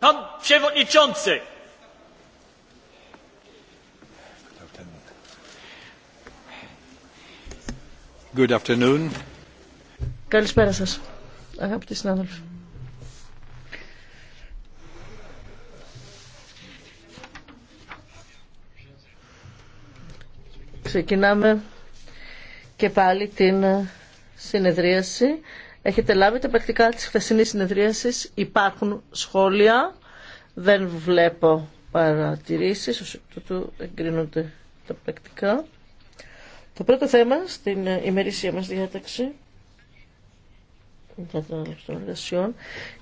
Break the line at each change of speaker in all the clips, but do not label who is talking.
Pan przewodniczący! Good afternoon. Καλησπέρα σας, αγαπητοί συνάδελφοι. Ξεκινάμε και πάλι την συνεδρίαση Έχετε λάβει τα πρακτικά της χθεσινής συνεδρίασης. Υπάρχουν σχόλια. Δεν βλέπω παρατηρήσεις. Ως εκ τούτου εγκρίνονται τα πρακτικά. Το πρώτο θέμα στην ημερήσια μας διάταξη των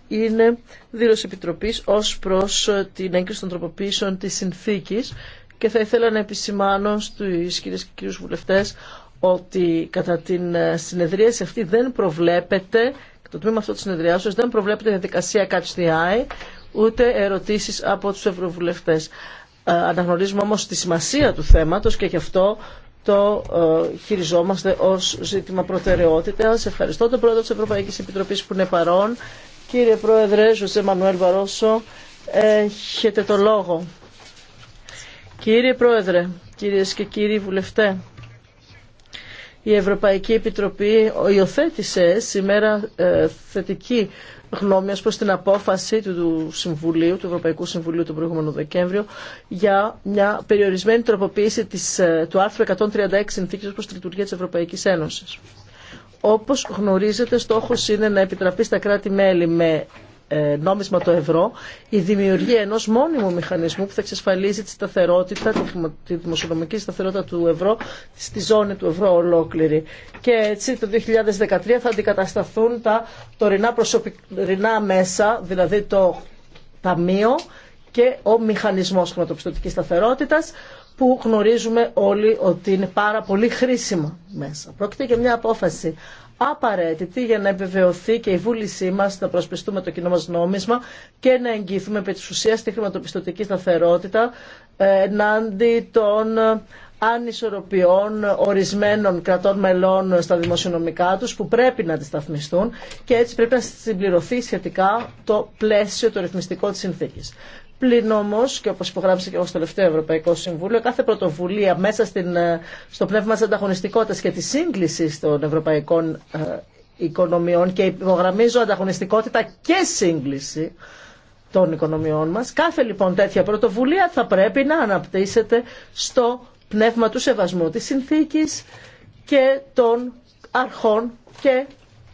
είναι δήλωση επιτροπής ως προς την έγκριση των τροποποίησεων της συνθήκης και θα ήθελα να επισημάνω στους κυρίες και κύριους βουλευτές ότι κατά την ε, συνεδρίαση αυτή δεν προβλέπεται, το τμήμα αυτό της συνεδριάσεως δεν προβλέπεται διαδικασία catch the eye, ούτε ερωτήσεις από τους ευρωβουλευτές. Ε, αναγνωρίζουμε όμως τη σημασία του θέματος και γι' αυτό το ε, χειριζόμαστε ως ζήτημα προτεραιότητας. Ευχαριστώ τον Πρόεδρο της Ευρωπαϊκής Επιτροπής που είναι παρόν. Κύριε Πρόεδρε, Ζωσέ Μανουέλ Βαρόσο, έχετε το λόγο. Κύριε Πρόεδρε, κυρίες και κύριοι βουλευτές, η Ευρωπαϊκή Επιτροπή υιοθέτησε σήμερα ε, θετική γνώμη ως προς την απόφαση του Συμβουλίου, του Ευρωπαϊκού Συμβουλίου τον προηγούμενο Δεκέμβριο για μια περιορισμένη τροποποίηση ε, του άρθρου 136 συνθήκης προς τη λειτουργία της Ευρωπαϊκής Ένωσης. Όπως γνωρίζετε, στόχος είναι να επιτραπεί στα κράτη-μέλη με ε, νόμισμα το ευρώ, η δημιουργία ενός μόνιμου μηχανισμού που θα εξασφαλίζει τη σταθερότητα, τη δημοσιονομική σταθερότητα του ευρώ στη ζώνη του ευρώ ολόκληρη. Και έτσι το 2013 θα αντικατασταθούν τα τωρινά προσωπικά μέσα, δηλαδή το ταμείο και ο μηχανισμός χρηματοπιστωτικής σταθερότητας, που γνωρίζουμε όλοι ότι είναι πάρα πολύ χρήσιμα μέσα. Πρόκειται για μια απόφαση απαραίτητη για να επιβεβαιωθεί και η βούλησή μας να προσπιστούμε το κοινό μα νόμισμα και να εγγυηθούμε επί τη ουσία τη χρηματοπιστωτική σταθερότητα ε, εναντί των ανισορροπιών ορισμένων κρατών μελών στα δημοσιονομικά τους που πρέπει να αντισταθμιστούν και έτσι πρέπει να συμπληρωθεί σχετικά το πλαίσιο το ρυθμιστικό της συνθήκης. Πλην όμω, και όπω υπογράψα και εγώ στο τελευταίο Ευρωπαϊκό Συμβούλιο, κάθε πρωτοβουλία μέσα στην, ε, στο πνεύμα τη ανταγωνιστικότητα και τη σύγκληση των ευρωπαϊκών ε, οικονομιών και υπογραμμίζω ανταγωνιστικότητα και σύγκληση των οικονομιών μας. Κάθε λοιπόν τέτοια πρωτοβουλία θα πρέπει να αναπτύσσεται στο πνεύμα του σεβασμού τη συνθήκη και των αρχών και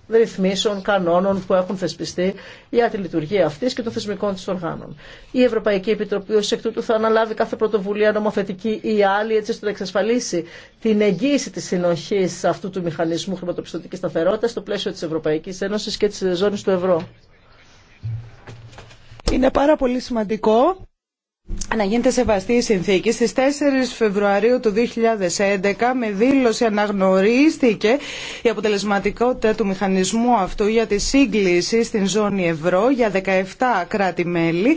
ρυθμίσεων, κανόνων που έχουν θεσπιστεί για τη λειτουργία αυτή και των θεσμικών τη οργάνων. Η Ευρωπαϊκή Επιτροπή ω εκ τούτου θα αναλάβει κάθε πρωτοβουλία νομοθετική ή άλλη έτσι ώστε να εξασφαλίσει την εγγύηση τη συνοχή αυτού του μηχανισμού χρηματοπιστωτική σταθερότητα στο πλαίσιο τη Ευρωπαϊκή Ένωση και τη
ζώνη του ευρώ. Είναι πάρα πολύ σημαντικό να γίνεται σεβαστή η συνθήκη. Στις 4 Φεβρουαρίου του 2011 με δήλωση αναγνωρίστηκε η αποτελεσματικότητα του μηχανισμού αυτού για τη σύγκληση στην ζώνη ευρώ για 17 κράτη-μέλη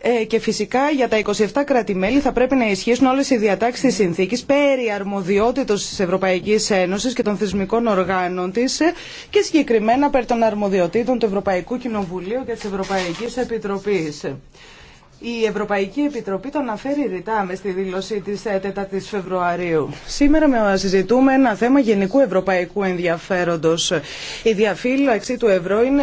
ε, και φυσικά για τα 27 κράτη-μέλη θα πρέπει να ισχύσουν όλες οι διατάξεις της συνθήκης περί αρμοδιότητος της Ευρωπαϊκής Ένωσης και των θεσμικών οργάνων της και συγκεκριμένα περί των αρμοδιοτήτων του Ευρωπαϊκού Κοινοβουλίου και της Ευρωπαϊκής Επιτροπής. Η Ευρωπαϊκή Επιτροπή τον αναφέρει ρητά με στη δήλωσή της 4ης ε, Φεβρουαρίου. Σήμερα με συζητούμε ένα θέμα γενικού ευρωπαϊκού ενδιαφέροντος. Η διαφύλαξη του ευρώ είναι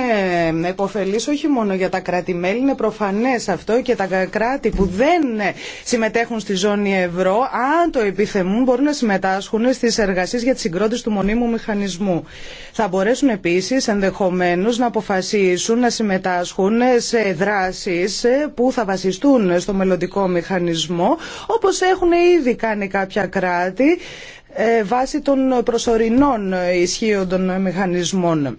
ε, επωφελής όχι μόνο για τα κράτη-μέλη, είναι προφανές αυτό και τα κράτη που δεν ε, συμμετέχουν στη ζώνη ευρώ, αν το επιθεμούν, μπορούν να συμμετάσχουν στις εργασίες για τη συγκρότηση του μονίμου μηχανισμού. Θα μπορέσουν επίσης ενδεχομένως να αποφασίσουν να συμμετάσχουν σε δράσεις που θα βασιστούν στο μελλοντικό μηχανισμό, όπως έχουν ήδη κάνει κάποια κράτη ε, βάσει των προσωρινών ισχύοντων μηχανισμών.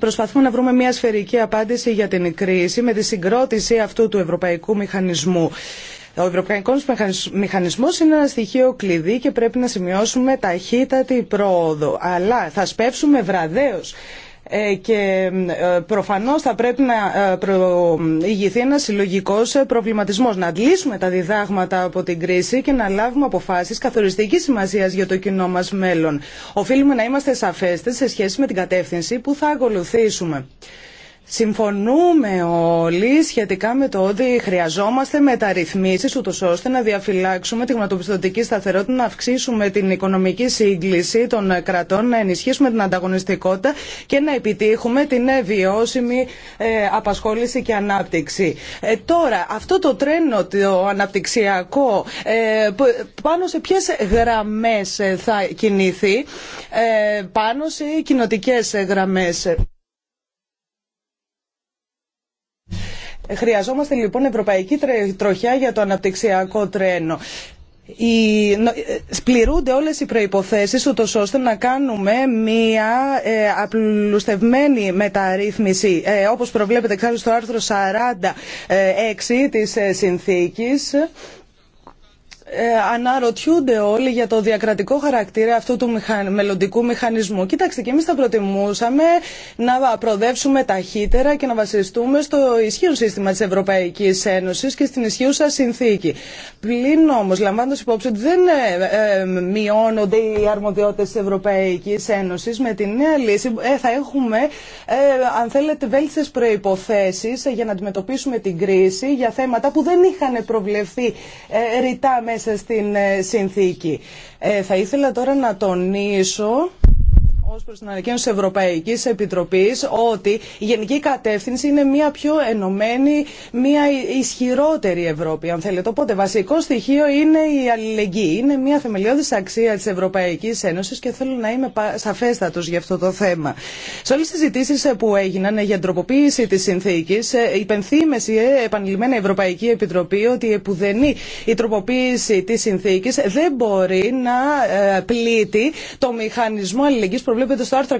Προσπαθούμε να βρούμε μια σφαιρική απάντηση για την κρίση με τη συγκρότηση αυτού του ευρωπαϊκού μηχανισμού. Ο ευρωπαϊκό μηχανισμό είναι ένα στοιχείο κλειδί και πρέπει να σημειώσουμε ταχύτατη πρόοδο. Αλλά θα σπεύσουμε βραδέω ε, και ε, προφανώς θα πρέπει να ε, προηγηθεί ένα συλλογικό προβληματισμός, να αντλήσουμε τα διδάγματα από την κρίση και να λάβουμε αποφάσεις καθοριστικής σημασίας για το κοινό μας μέλλον. Οφείλουμε να είμαστε σαφέστες σε σχέση με την κατεύθυνση που θα ακολουθήσουμε. Συμφωνούμε όλοι σχετικά με το ότι χρειαζόμαστε μεταρρυθμίσεις ούτως ώστε να διαφυλάξουμε τη γνωτοπιστωτική σταθερότητα, να αυξήσουμε την οικονομική σύγκληση των κρατών, να ενισχύσουμε την ανταγωνιστικότητα και να επιτύχουμε την βιώσιμη ε, απασχόληση και ανάπτυξη. Ε, τώρα, αυτό το τρένο το αναπτυξιακό, ε, πάνω σε ποιες γραμμές θα κινηθεί, πάνω σε κοινοτικές γραμμές. Χρειαζόμαστε λοιπόν ευρωπαϊκή τροχιά για το αναπτυξιακό τρένο. Σπληρούνται ε, Σπληρούνται όλες οι προϋποθέσεις ούτως ώστε να κάνουμε μία ε, απλουστευμένη μεταρρύθμιση ε, όπως προβλέπεται εξάλλου στο άρθρο 46 ε, της συνθήκης ε, αναρωτιούνται όλοι για το διακρατικό χαρακτήρα αυτού του μελλοντικού μηχανισμού. Κοιτάξτε, και εμεί θα προτιμούσαμε να προοδεύσουμε ταχύτερα και να βασιστούμε στο ισχύον σύστημα τη Ευρωπαϊκή Ένωση και στην ισχύουσα συνθήκη. Πλην όμω, λαμβάνοντα υπόψη ότι δεν ε, ε, μειώνονται οι αρμοδιότητε τη Ευρωπαϊκή Ένωση, με τη νέα λύση θα έχουμε, αν θέλετε, βέλτιστε προποθέσει για να αντιμετωπίσουμε την κρίση για θέματα που δεν είχαν προβλεφθεί ρητά μέσα στην ε, συνθήκη. Ε, θα ήθελα τώρα να τονίσω ω προ την ανακοίνωση Ευρωπαϊκή Επιτροπή ότι η γενική κατεύθυνση είναι μια πιο ενωμένη, μια ισχυρότερη Ευρώπη, αν θέλετε. Οπότε, βασικό στοιχείο είναι η αλληλεγγύη. Είναι μια θεμελιώδη αξία τη Ευρωπαϊκή Ένωση και θέλω να είμαι σαφέστατο για αυτό το θέμα. Σε όλε τι συζητήσει που έγιναν για τροποποίηση τη συνθήκη, ε, υπενθύμεση επανειλημμένα η Ευρωπαϊκή Επιτροπή ότι επουδενή η τροποποίηση τη συνθήκη δεν μπορεί να ε, πλήττει το μηχανισμό αλληλεγγύη προβλέπεται στο άρθρο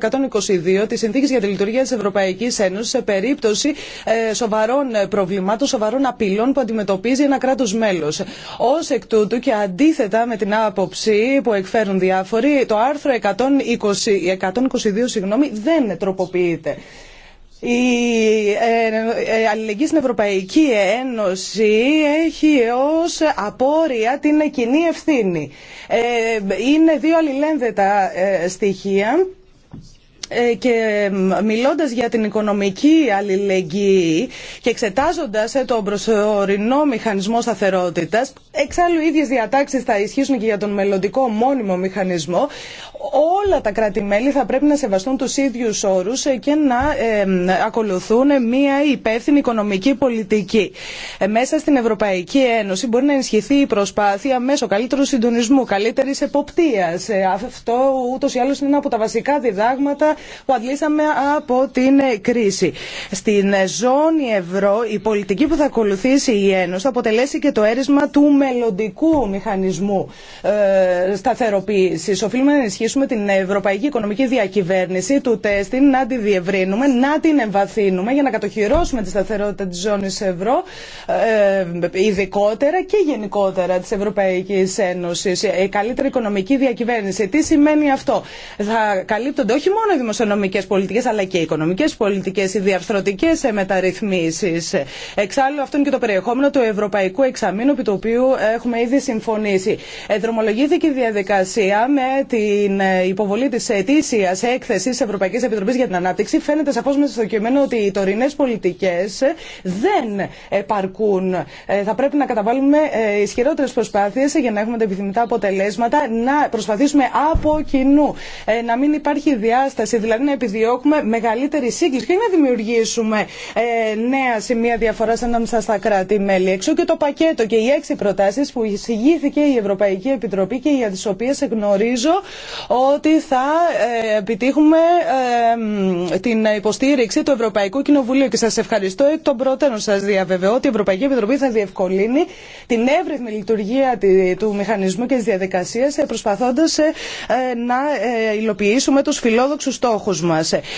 122 τη Συνθήκη για τη Λειτουργία τη Ευρωπαϊκή Ένωση σε περίπτωση ε, σοβαρών ε, προβλημάτων, σοβαρών απειλών που αντιμετωπίζει ένα κράτο μέλο. Ω εκ τούτου και αντίθετα με την άποψη που εκφέρουν διάφοροι, το άρθρο 120, 122 συγγνώμη, δεν τροποποιείται. Η ε, ε, αλληλεγγύη στην Ευρωπαϊκή Ένωση έχει ως απόρρια την κοινή ευθύνη. Ε, είναι δύο αλληλένδετα στοιχεία ε, και μιλώντας για την οικονομική αλληλεγγύη και εξετάζοντας ε, τον προσωρινό μηχανισμό σταθερότητας, εξάλλου οι ίδιες διατάξεις θα ισχύσουν και για τον μελλοντικό μόνιμο μηχανισμό, όλα τα κράτη-μέλη θα πρέπει να σεβαστούν τους ίδιους όρους ε, και να ακολουθούν μια υπεύθυνη οικονομική πολιτική. Μέσα στην Ευρωπαϊκή Ένωση μπορεί να ενισχυθεί η προσπάθεια μέσω καλύτερου συντονισμού, καλύτερης εποπτείας. Αυτό ούτω ή άλλως είναι ένα από τα βασικά διδάγματα που αντλήσαμε από την κρίση. Στην ζώνη ευρώ, η πολιτική που θα ακολουθήσει η Ένωση θα αποτελέσει και το αίρισμα του μελλοντικού μηχανισμού ε, σταθεροποίηση. Οφείλουμε να ενισχύσουμε την ευρωπαϊκή οικονομική διακυβέρνηση του τέστην, να τη διευρύνουμε, να την εμβαθύνουμε για να κατοχυρώσουμε τη σταθερότητα τη ζώνη ευρώ, ε, ειδικότερα και γενικότερα τη Ευρωπαϊκή Ένωση. Η ε, καλύτερη οικονομική διακυβέρνηση. Τι σημαίνει αυτό. Θα καλύπτονται όχι μόνο δημοσιονομικές πολιτικές αλλά και οικονομικές πολιτικές, οι διαρθρωτικές μεταρρυθμίσεις. Εξάλλου αυτό είναι και το περιεχόμενο του Ευρωπαϊκού Εξαμήνου επί του οποίου έχουμε ήδη συμφωνήσει. Ε, δρομολογήθηκε η διαδικασία με την ε, υποβολή της έκθεση έκθεσης Ευρωπαϊκής Επιτροπής για την Ανάπτυξη. Φαίνεται σαφώς μέσα στο κειμένο ότι οι τωρινές πολιτικές δεν επαρκούν. Ε, θα πρέπει να καταβάλουμε ισχυρότερες προσπάθειες για να έχουμε τα επιθυμητά αποτελέσματα, να προσπαθήσουμε από κοινού να μην υπάρχει διάσταση δηλαδή να επιδιώκουμε μεγαλύτερη σύγκληση και να δημιουργήσουμε ε, νέα σημεία διαφορά ανάμεσα στα κράτη-μέλη. Εξού και το πακέτο και οι έξι προτάσει που εισηγήθηκε η Ευρωπαϊκή Επιτροπή και για τι οποίε γνωρίζω ότι θα ε, επιτύχουμε ε, την υποστήριξη του Ευρωπαϊκού Κοινοβουλίου. Και σα ευχαριστώ εκ των προτέρων. Σα διαβεβαιώ ότι η Ευρωπαϊκή Επιτροπή θα διευκολύνει την εύρυθμη λειτουργία του μηχανισμού και τη διαδικασία προσπαθώντα να υλοποιήσουμε του φιλόδοξου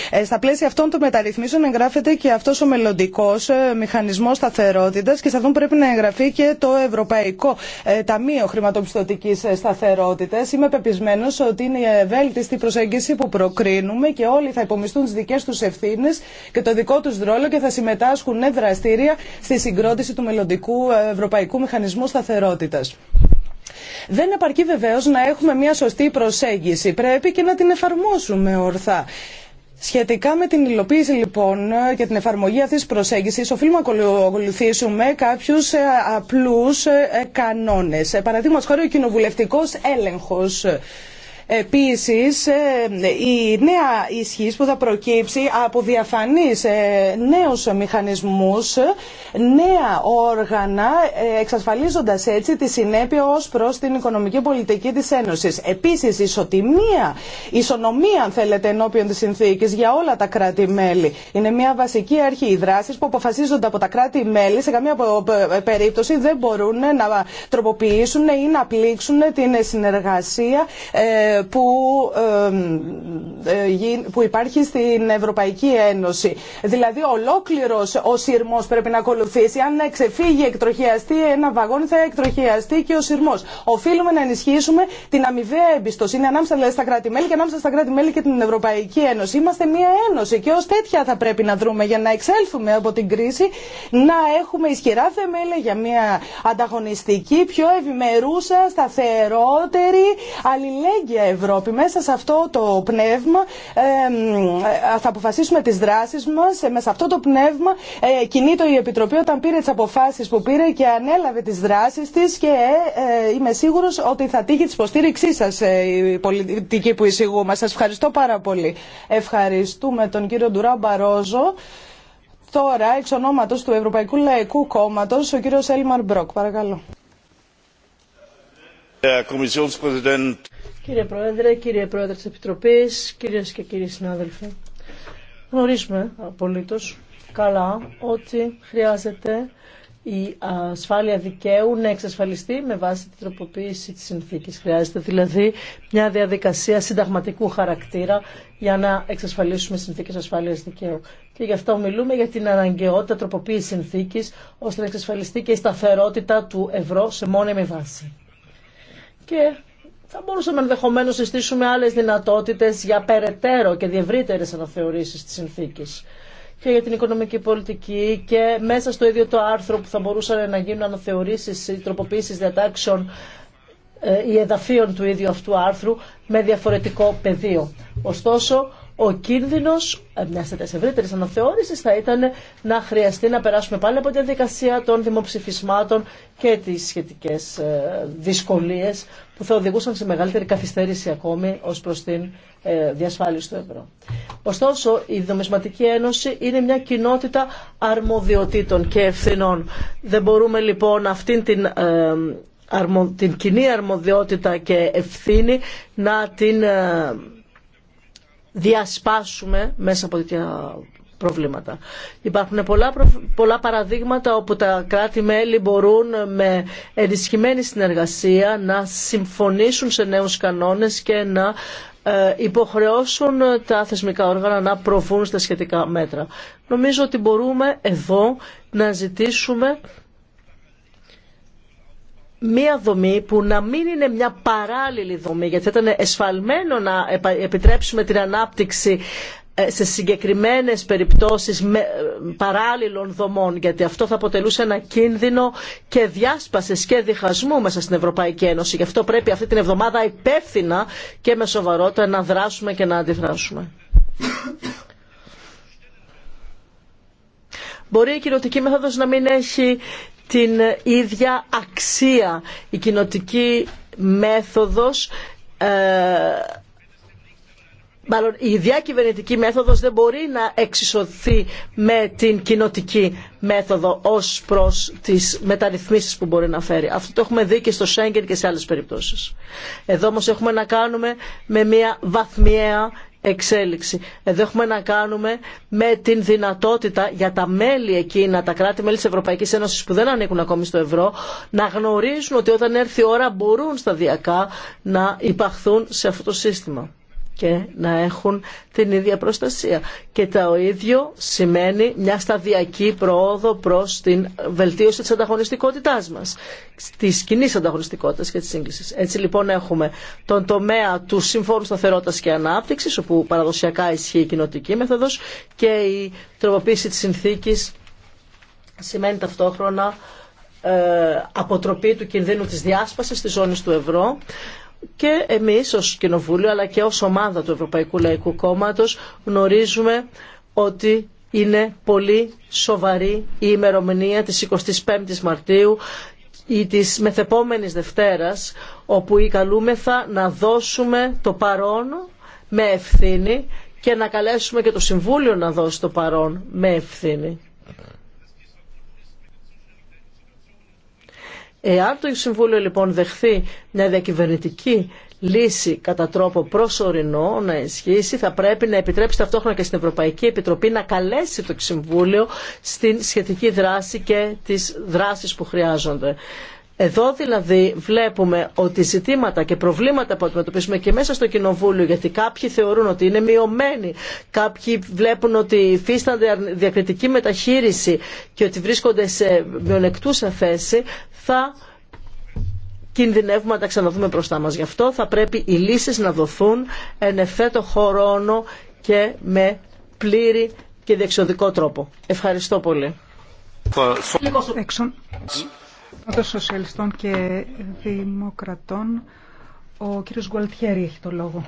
ε, στα πλαίσια αυτών των μεταρρυθμίσεων εγγράφεται και αυτό ο μελλοντικό ε, μηχανισμό σταθερότητα, και σε αυτόν πρέπει να εγγραφεί και το Ευρωπαϊκό ε, Ταμείο χρηματοπιστωτική σταθερότητα. Είμαι πεπισμένο ότι είναι ευέλτιστη προσέγγιση που προκρίνουμε και όλοι θα υπομισθούν τι δικέ του ευθύνε και το δικό του ρόλο και θα συμμετάσχουν δραστήρια στη συγκρότηση του μελλοντικού Ευρωπαϊκού Μηχανισμού σταθερότητα. Δεν επαρκεί βεβαίω να έχουμε μια σωστή προσέγγιση. Πρέπει και να την εφαρμόσουμε ορθά. Σχετικά με την υλοποίηση λοιπόν και την εφαρμογή αυτής της προσέγγισης, οφείλουμε να ακολουθήσουμε κάποιους ε, απλούς ε, κανόνες. Ε, Παραδείγματο χάρη ο κοινοβουλευτικός έλεγχος Επίση, ε, η νέα ισχύ που θα προκύψει από διαφανείς ε, νέου μηχανισμούς, νέα όργανα, ε, εξασφαλίζοντας έτσι τη συνέπεια ω προς την οικονομική πολιτική της Ένωσης. Επίση, ισοτιμία, ισονομία αν θέλετε ενώπιον τη συνθήκης για όλα τα κράτη-μέλη. Είναι μια βασική αρχή. Οι δράσει που αποφασίζονται από τα κράτη-μέλη σε καμία περίπτωση δεν μπορούν να τροποποιήσουν ή να πλήξουν την συνεργασία ε, που υπάρχει στην Ευρωπαϊκή Ένωση. Δηλαδή ολόκληρος ο σειρμός πρέπει να ακολουθήσει. Αν ξεφύγει εκτροχιαστεί ένα βαγόνι θα εκτροχιαστεί και ο σειρμός. Οφείλουμε να ενισχύσουμε την αμοιβαία εμπιστοσύνη ανάμεσα δηλαδή, στα κράτη-μέλη και ανάμεσα στα κράτη-μέλη και την Ευρωπαϊκή Ένωση. Είμαστε μία ένωση και ως τέτοια θα πρέπει να δρούμε για να εξέλθουμε από την κρίση, να έχουμε ισχυρά θεμέλια για μία ανταγωνιστική, πιο ευημερούσα, σταθερότερη, αλληλέγγυα Ευρώπη. Μέσα σε αυτό το πνεύμα ε, θα αποφασίσουμε τις δράσεις μας. Ε, μέσα σε αυτό το πνεύμα ε, κινείται η Επιτροπή όταν πήρε τις αποφάσεις που πήρε και ανέλαβε τις δράσεις της και είμαι σίγουρος ότι θα τύχει τη υποστήριξή σας η πολιτική που εισηγούμε. Σας ευχαριστώ πάρα πολύ. Ευχαριστούμε τον κύριο Ντουρά Μπαρόζο. Τώρα, εξ ονόματος του Ευρωπαϊκού Λαϊκού Κόμματος, ο κύριος Έλμαρ Μπρόκ. Παρακαλώ.
Κύριε Πρόεδρε, κύριε Πρόεδρε της Επιτροπής, κυρίες και κύριοι συνάδελφοι, γνωρίζουμε απολύτως καλά ότι χρειάζεται η ασφάλεια δικαίου να εξασφαλιστεί με βάση την τροποποίηση της συνθήκης. Χρειάζεται δηλαδή μια διαδικασία συνταγματικού χαρακτήρα για να εξασφαλίσουμε συνθήκες ασφάλειας δικαίου. Και γι' αυτό μιλούμε για την αναγκαιότητα τροποποίησης συνθήκης ώστε να εξασφαλιστεί και η σταθερότητα του ευρώ σε μόνιμη βάση. Και θα μπορούσαμε ενδεχομένω να συστήσουμε άλλε δυνατότητε για περαιτέρω και διευρύτερε αναθεωρήσει τη συνθήκη και για την οικονομική πολιτική και μέσα στο ίδιο το άρθρο που θα μπορούσαν να γίνουν αναθεωρήσει ή τροποποίησεις διατάξεων ε, ή εδαφείων του ίδιου αυτού άρθρου με διαφορετικό πεδίο. Ωστόσο, ο κίνδυνο ε, μια τέτοια ευρύτερη αναθεώρηση θα ήταν να χρειαστεί να περάσουμε πάλι από τη διαδικασία των δημοψηφισμάτων και τι σχετικέ ε, δυσκολίε που θα οδηγούσαν σε μεγαλύτερη καθυστέρηση ακόμη ω προ την ε, διασφάλιση του ευρώ. Ωστόσο, η Δομισματική Ένωση είναι μια κοινότητα αρμοδιοτήτων και ευθυνών. Δεν μπορούμε λοιπόν αυτήν την την κοινή αρμοδιότητα και ευθύνη να την διασπάσουμε μέσα από τέτοια προβλήματα. Υπάρχουν πολλά, πολλά παραδείγματα όπου τα κράτη-μέλη μπορούν με ενισχυμένη συνεργασία να συμφωνήσουν σε νέους κανόνες και να ε, υποχρεώσουν τα θεσμικά όργανα να προβούν στα σχετικά μέτρα. Νομίζω ότι μπορούμε εδώ να ζητήσουμε μια δομή που να μην είναι μια παράλληλη δομή, γιατί θα ήταν εσφαλμένο να επιτρέψουμε την ανάπτυξη ε, σε συγκεκριμένες περιπτώσεις ε, παράλληλων δομών γιατί αυτό θα αποτελούσε ένα κίνδυνο και διάσπασης και διχασμού μέσα στην Ευρωπαϊκή Ένωση. Γι' αυτό πρέπει αυτή την εβδομάδα υπεύθυνα και με σοβαρότητα να δράσουμε και να αντιδράσουμε. Μπορεί η κοινωτική μέθοδος να μην έχει την ίδια αξία. Η κοινοτική μέθοδος ε, Μάλλον η διακυβερνητική μέθοδος δεν μπορεί να εξισωθεί με την κοινοτική μέθοδο ως προς τις μεταρρυθμίσεις που μπορεί να φέρει. Αυτό το έχουμε δει και στο Σέγγεν και σε άλλες περιπτώσεις. Εδώ όμως έχουμε να κάνουμε με μια βαθμιαία εξέλιξη. Εδώ έχουμε να κάνουμε με την δυνατότητα για τα μέλη εκείνα, τα κράτη-μέλη τη Ευρωπαϊκή Ένωση που δεν ανήκουν ακόμη στο ευρώ, να γνωρίζουν ότι όταν έρθει η ώρα μπορούν σταδιακά να υπαχθούν σε αυτό το σύστημα και να έχουν την ίδια προστασία. Και το ίδιο σημαίνει μια σταδιακή προόδο προς την βελτίωση της ανταγωνιστικότητάς μας, της κοινή ανταγωνιστικότητας και της σύγκλησης. Έτσι λοιπόν έχουμε τον τομέα του Συμφώνου Σταθερότητας και Ανάπτυξης, όπου παραδοσιακά ισχύει η κοινοτική μέθοδος και η τροποποίηση της συνθήκης σημαίνει ταυτόχρονα ε, αποτροπή του κινδύνου της διάσπασης της ζώνης του ευρώ και εμείς ως Κοινοβούλιο αλλά και ως ομάδα του Ευρωπαϊκού Λαϊκού Κόμματος γνωρίζουμε ότι είναι πολύ σοβαρή η ημερομηνία της 25ης Μαρτίου ή της μεθεπόμενης Δευτέρας όπου οι καλούμεθα να δώσουμε το παρόν με ευθύνη και να καλέσουμε και το Συμβούλιο να δώσει το παρόν με ευθύνη. Εάν το Συμβούλιο λοιπόν δεχθεί μια διακυβερνητική λύση κατά τρόπο προσωρινό να ισχύσει, θα πρέπει να επιτρέψει ταυτόχρονα και στην Ευρωπαϊκή Επιτροπή να καλέσει το Συμβούλιο στην σχετική δράση και τις δράσεις που χρειάζονται. Εδώ δηλαδή βλέπουμε ότι ζητήματα και προβλήματα που αντιμετωπίσουμε και μέσα στο Κοινοβούλιο, γιατί κάποιοι θεωρούν ότι είναι μειωμένοι, κάποιοι βλέπουν ότι υφίστανται διακριτική μεταχείριση και ότι βρίσκονται σε μειονεκτούσα θέση, θα κινδυνεύουμε να τα ξαναδούμε μπροστά μας. Γι' αυτό θα πρέπει οι λύσεις να δοθούν εν εφέτο χρόνο και με πλήρη και διεξοδικό τρόπο. Ευχαριστώ πολύ.
Εξω... Σοσιαλιστών και Δημοκρατών, ο κύριος Γκουαλτιέρη έχει το λόγο.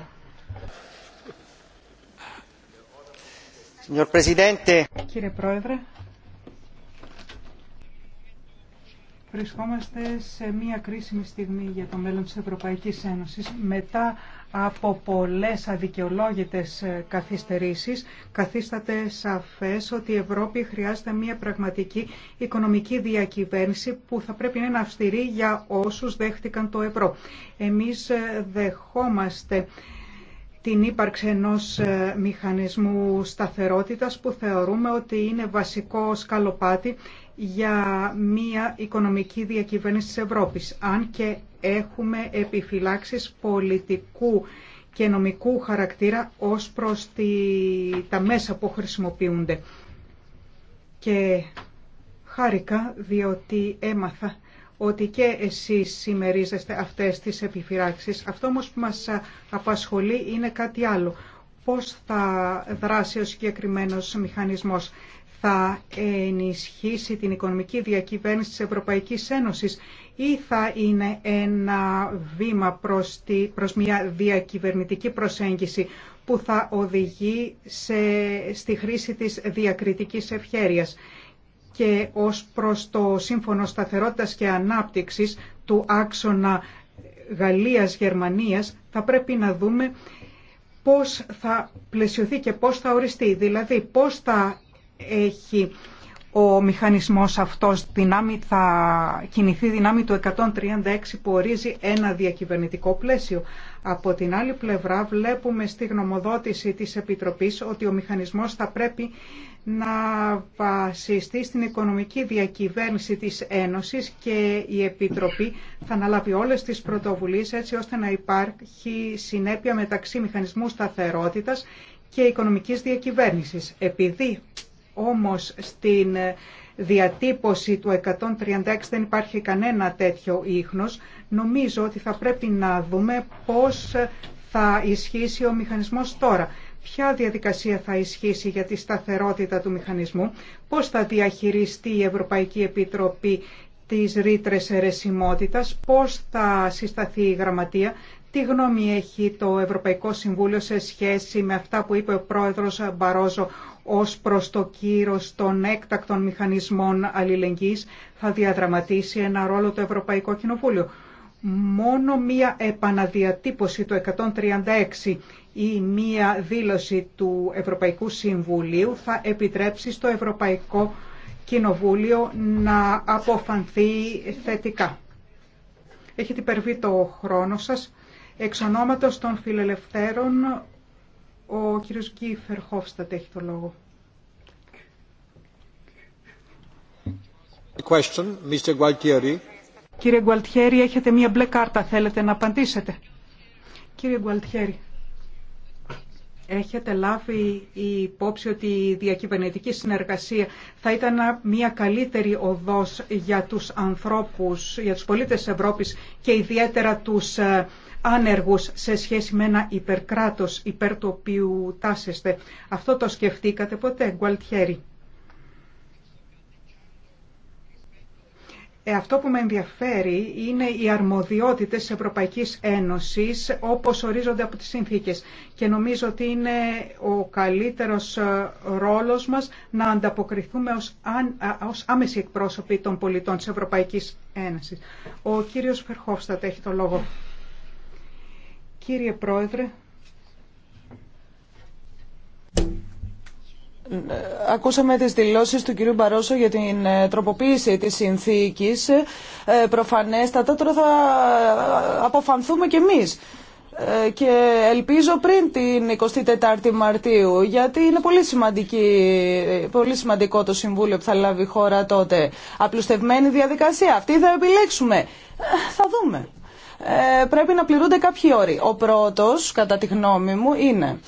Κύριε Πρόεδρε, Βρισκόμαστε σε μια κρίσιμη στιγμή για το μέλλον της Ευρωπαϊκής Ένωσης μετά από πολλές αδικαιολόγητες ε, καθυστερήσεις καθίσταται σαφές ότι η Ευρώπη χρειάζεται μια πραγματική οικονομική διακυβέρνηση που θα πρέπει να είναι αυστηρή για όσους δέχτηκαν το ευρώ. Εμείς ε, δεχόμαστε την ύπαρξη ενός ε, μηχανισμού σταθερότητας που θεωρούμε ότι είναι βασικό σκαλοπάτι για μία οικονομική διακυβέρνηση της Ευρώπης, αν και έχουμε επιφυλάξεις πολιτικού και νομικού χαρακτήρα ως προς τη... τα μέσα που χρησιμοποιούνται. Και χάρηκα διότι έμαθα ότι και εσείς συμμερίζεστε αυτές τις επιφυλάξεις. Αυτό όμως που μας απασχολεί είναι κάτι άλλο. Πώς θα δράσει ο συγκεκριμένος μηχανισμός θα ενισχύσει την οικονομική διακυβέρνηση της Ευρωπαϊκής Ένωσης ή θα είναι ένα βήμα προς, τη, μια διακυβερνητική προσέγγιση που θα οδηγεί στη χρήση της διακριτικής ευχέρειας και ως προς το Σύμφωνο Σταθερότητας και Ανάπτυξης του άξονα Γαλλίας-Γερμανίας θα πρέπει να δούμε πώς θα πλαισιωθεί και πώς θα οριστεί, δηλαδή πώς θα έχει ο μηχανισμός αυτός δυνάμει, θα κινηθεί δυνάμει του 136 που ορίζει ένα διακυβερνητικό πλαίσιο. Από την άλλη πλευρά βλέπουμε στη γνωμοδότηση της Επιτροπής ότι ο μηχανισμός θα πρέπει να βασιστεί στην οικονομική διακυβέρνηση της Ένωσης και η Επιτροπή θα αναλάβει όλες τις πρωτοβουλίες έτσι ώστε να υπάρχει συνέπεια μεταξύ μηχανισμού σταθερότητας και οικονομικής διακυβέρνησης. Επειδή όμως στην ε, διατύπωση του 136 δεν υπάρχει κανένα τέτοιο ίχνος. Νομίζω ότι θα πρέπει να δούμε πώς ε, θα ισχύσει ο μηχανισμός τώρα. Ποια διαδικασία θα ισχύσει για τη σταθερότητα του μηχανισμού, πώς θα διαχειριστεί η Ευρωπαϊκή Επιτροπή τις ρήτρες αιρεσιμότητας, πώς θα συσταθεί η γραμματεία, τι γνώμη έχει το Ευρωπαϊκό Συμβούλιο σε σχέση με αυτά που είπε ο πρόεδρος Μπαρόζο ως προς το κύρος των έκτακτων μηχανισμών αλληλεγγύης θα διαδραματίσει ένα ρόλο το Ευρωπαϊκό Κοινοβούλιο. Μόνο μία επαναδιατύπωση του 136 ή μία δήλωση του Ευρωπαϊκού Συμβουλίου θα επιτρέψει στο Ευρωπαϊκό Κοινοβούλιο να αποφανθεί θετικά. Έχετε υπερβεί το χρόνο σας. Εξ ονόματος των φιλελευθέρων, ο κύριος Κίφερ Χόφστατ έχει το λόγο. Question, Mr. Gualtieri. Κύριε Γκουαλτιέρη, έχετε μία μπλε κάρτα. Θέλετε να απαντήσετε. Κύριε Γκουαλτιέρη, έχετε λάβει η υπόψη ότι η διακυβερνητική συνεργασία θα ήταν μία καλύτερη οδός για τους ανθρώπους, για τους πολίτες Ευρώπης και ιδιαίτερα τους ε, άνεργους σε σχέση με ένα υπερκράτος υπέρ του οποίου τάσεστε. Αυτό το σκεφτήκατε ποτέ, Γκουαλτιέρη. Ε, αυτό που με ενδιαφέρει είναι οι αρμοδιότητες της Ευρωπαϊκής Ένωσης όπως ορίζονται από τις συνθήκες και νομίζω ότι είναι ο καλύτερος ε, ρόλος μας να ανταποκριθούμε ως, ως άμεση εκπρόσωποι των πολιτών της Ευρωπαϊκής Ένωσης. Ο κύριος Φερχόφστατ έχει το λόγο. Κύριε Πρόεδρε,
Ακούσαμε τις δηλώσεις του κυρίου Μπαρόσο για την ε, τροποποίηση της συνθήκης. Ε, προφανέστατα τώρα θα αποφανθούμε κι εμείς ε, και ελπίζω πριν την 24η Μαρτίου γιατί είναι πολύ, σημαντική, πολύ σημαντικό το Συμβούλιο που θα λάβει η χώρα τότε. Απλουστευμένη διαδικασία. Αυτή θα επιλέξουμε. Θα δούμε. Ε, πρέπει να πληρούνται κάποιοι όροι. Ο πρώτος, κατά τη γνώμη μου, είναι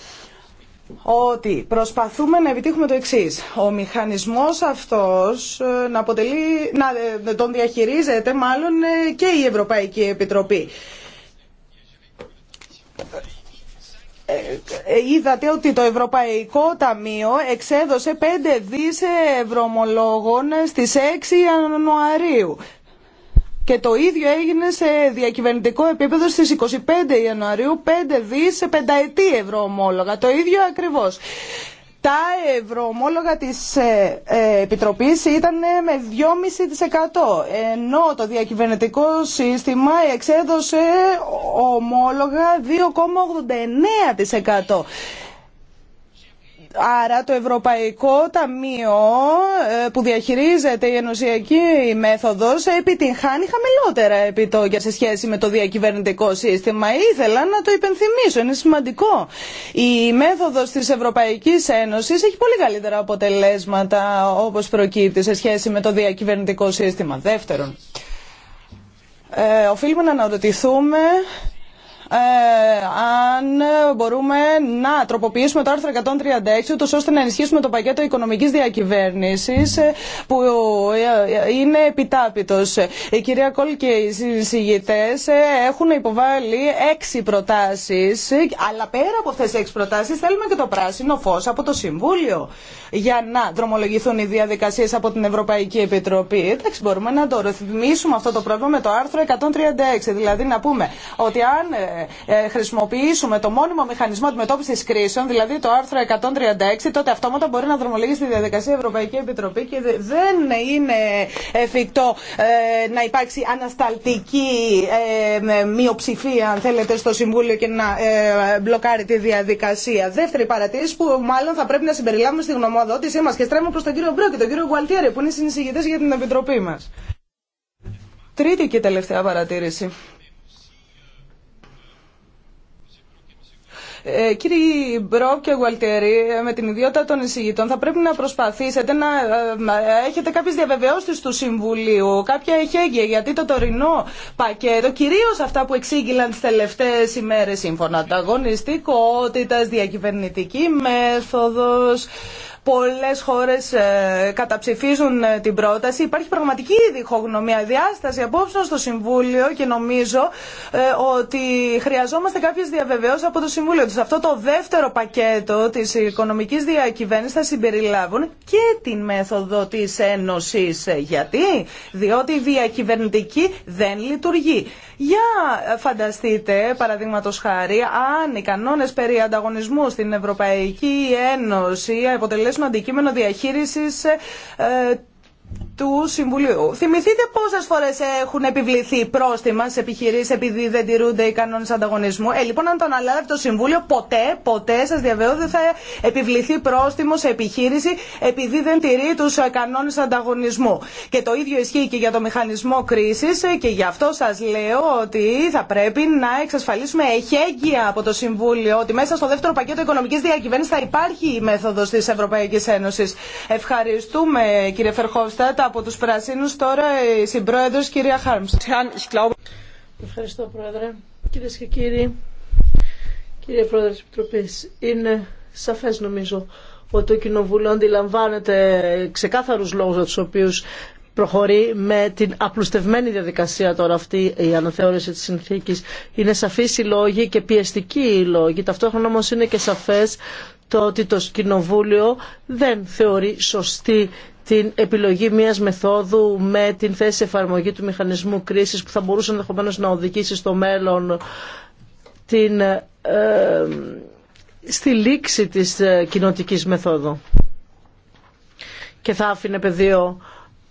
ότι προσπαθούμε να επιτύχουμε το εξή. Ο μηχανισμός αυτός ε, να, αποτελεί, να ε, τον διαχειρίζεται μάλλον και η Ευρωπαϊκή Επιτροπή. Είδατε ότι το Ευρωπαϊκό Ταμείο εξέδωσε 5 δις ευρωμολόγων στις 6 Ιανουαρίου. Και το ίδιο έγινε σε διακυβερνητικό επίπεδο στις 25 Ιανουαρίου, 5 δι σε πενταετή ευρωομόλογα. Το ίδιο ακριβώς. Τα ευρωομόλογα της ε, ε, Επιτροπής ήταν με 2,5% ενώ το διακυβερνητικό σύστημα εξέδωσε ομόλογα 2,89%. Άρα το Ευρωπαϊκό Ταμείο ε, που διαχειρίζεται η ενωσιακή μέθοδος επιτυγχάνει χαμηλότερα επιτόκια σε σχέση με το διακυβερνητικό σύστημα. Ήθελα να το υπενθυμίσω, είναι σημαντικό. Η μέθοδος της Ευρωπαϊκής Ένωσης έχει πολύ καλύτερα αποτελέσματα όπως προκύπτει σε σχέση με το διακυβερνητικό σύστημα. Δεύτερον, ε, οφείλουμε να αναρωτηθούμε ε, αν μπορούμε να τροποποιήσουμε το άρθρο 136 ούτως ώστε να ενισχύσουμε το πακέτο οικονομικής διακυβέρνησης ε, που ε, είναι επιτάπητος. Η κυρία Κόλ και οι συζητητές έχουν υποβάλει έξι προτάσεις αλλά πέρα από αυτές τις έξι προτάσεις θέλουμε και το πράσινο φως από το Συμβούλιο για να δρομολογηθούν οι διαδικασίες από την Ευρωπαϊκή Επιτροπή. Εντάξει, μπορούμε να το ρυθμίσουμε αυτό το πρόβλημα με το άρθρο 136. Δηλαδή να πούμε ότι αν ε, ε, χρησιμοποιήσουμε το μόνιμο μηχανισμό αντιμετώπιση κρίσεων, δηλαδή το άρθρο 136, τότε αυτόματα μπορεί να δρομολογήσει τη διαδικασία Ευρωπαϊκή Επιτροπή και δεν είναι εφικτό ε, να υπάρξει ανασταλτική μειοψηφία, αν θέλετε, στο Συμβούλιο και να μπλοκάρει τη διαδικασία. Δεύτερη παρατήρηση που μάλλον θα πρέπει να συμπεριλάβουμε στη γνωμοδότησή μα και στρέμουμε προ τον κύριο Μπρό και τον κύριο Γουαλτιέρη που είναι συνεισηγητέ για την Επιτροπή μα. Τρίτη και τελευταία παρατήρηση. Ε, Κύριοι Μπρόκ και Γουαλτέρη, με την ιδιότητα των εισηγητών, θα πρέπει να προσπαθήσετε να ε, ε, έχετε κάποιε διαβεβαιώσει του Συμβουλίου, κάποια εχέγγυα, γιατί το τωρινό πακέτο, κυρίω αυτά που εξήγηλαν τι τελευταίε ημέρε, σύμφωνα ανταγωνιστικότητα, διακυβερνητική μέθοδο, πολλές χώρες ε, καταψηφίζουν ε, την πρόταση. Υπάρχει πραγματική διχογνωμία, διάσταση απόψεων στο Συμβούλιο και νομίζω ε, ότι χρειαζόμαστε κάποιες διαβεβαιώσεις από το Συμβούλιο. Σε αυτό το δεύτερο πακέτο της οικονομικής διακυβέρνησης θα συμπεριλάβουν και την μέθοδο της Ένωσης. Γιατί? Διότι η διακυβερνητική δεν λειτουργεί. Για φανταστείτε, παραδείγματο χάρη, αν οι κανόνε περί ανταγωνισμού στην Ευρωπαϊκή Ένωση στο αντικείμενο διαχείρισης ε, του Συμβουλίου. Θυμηθείτε πόσε φορέ έχουν επιβληθεί πρόστιμα σε επιχειρήσει επειδή δεν τηρούνται οι κανόνε ανταγωνισμού. Ε, λοιπόν, αν το αναλάβει το Συμβούλιο, ποτέ, ποτέ, σα διαβεβαιώ, δεν θα επιβληθεί πρόστιμο σε επιχείρηση επειδή δεν τηρεί του ε, κανόνε ανταγωνισμού. Και το ίδιο ισχύει και για το μηχανισμό κρίση ε, και γι' αυτό σα λέω ότι θα πρέπει να εξασφαλίσουμε εχέγγυα από το Συμβούλιο ότι μέσα στο δεύτερο πακέτο οικονομική διακυβέρνηση θα υπάρχει η μέθοδο τη Ευρωπαϊκή Ένωση. Ευχαριστούμε, κύριε από τους Πρασίνους τώρα η συμπρόεδρος κυρία Χάρμς.
Ευχαριστώ Πρόεδρε. Κυρίε και κύριοι, κύριε Πρόεδρε της Επιτροπής, είναι σαφές νομίζω ότι το Κοινοβούλιο αντιλαμβάνεται ξεκάθαρους λόγους για τους οποίους προχωρεί με την απλουστευμένη διαδικασία τώρα αυτή η αναθεώρηση της συνθήκης. Είναι σαφή οι λόγοι και πιεστικοί οι λόγοι. Ταυτόχρονα όμως είναι και σαφές το ότι το Κοινοβούλιο δεν θεωρεί σωστή την επιλογή μιας μεθόδου με την θέση εφαρμογή του μηχανισμού κρίσης που θα μπορούσε ενδεχομένω να οδηγήσει στο μέλλον την, ε, στη λήξη της ε, κοινοτικής μεθόδου και θα άφηνε πεδίο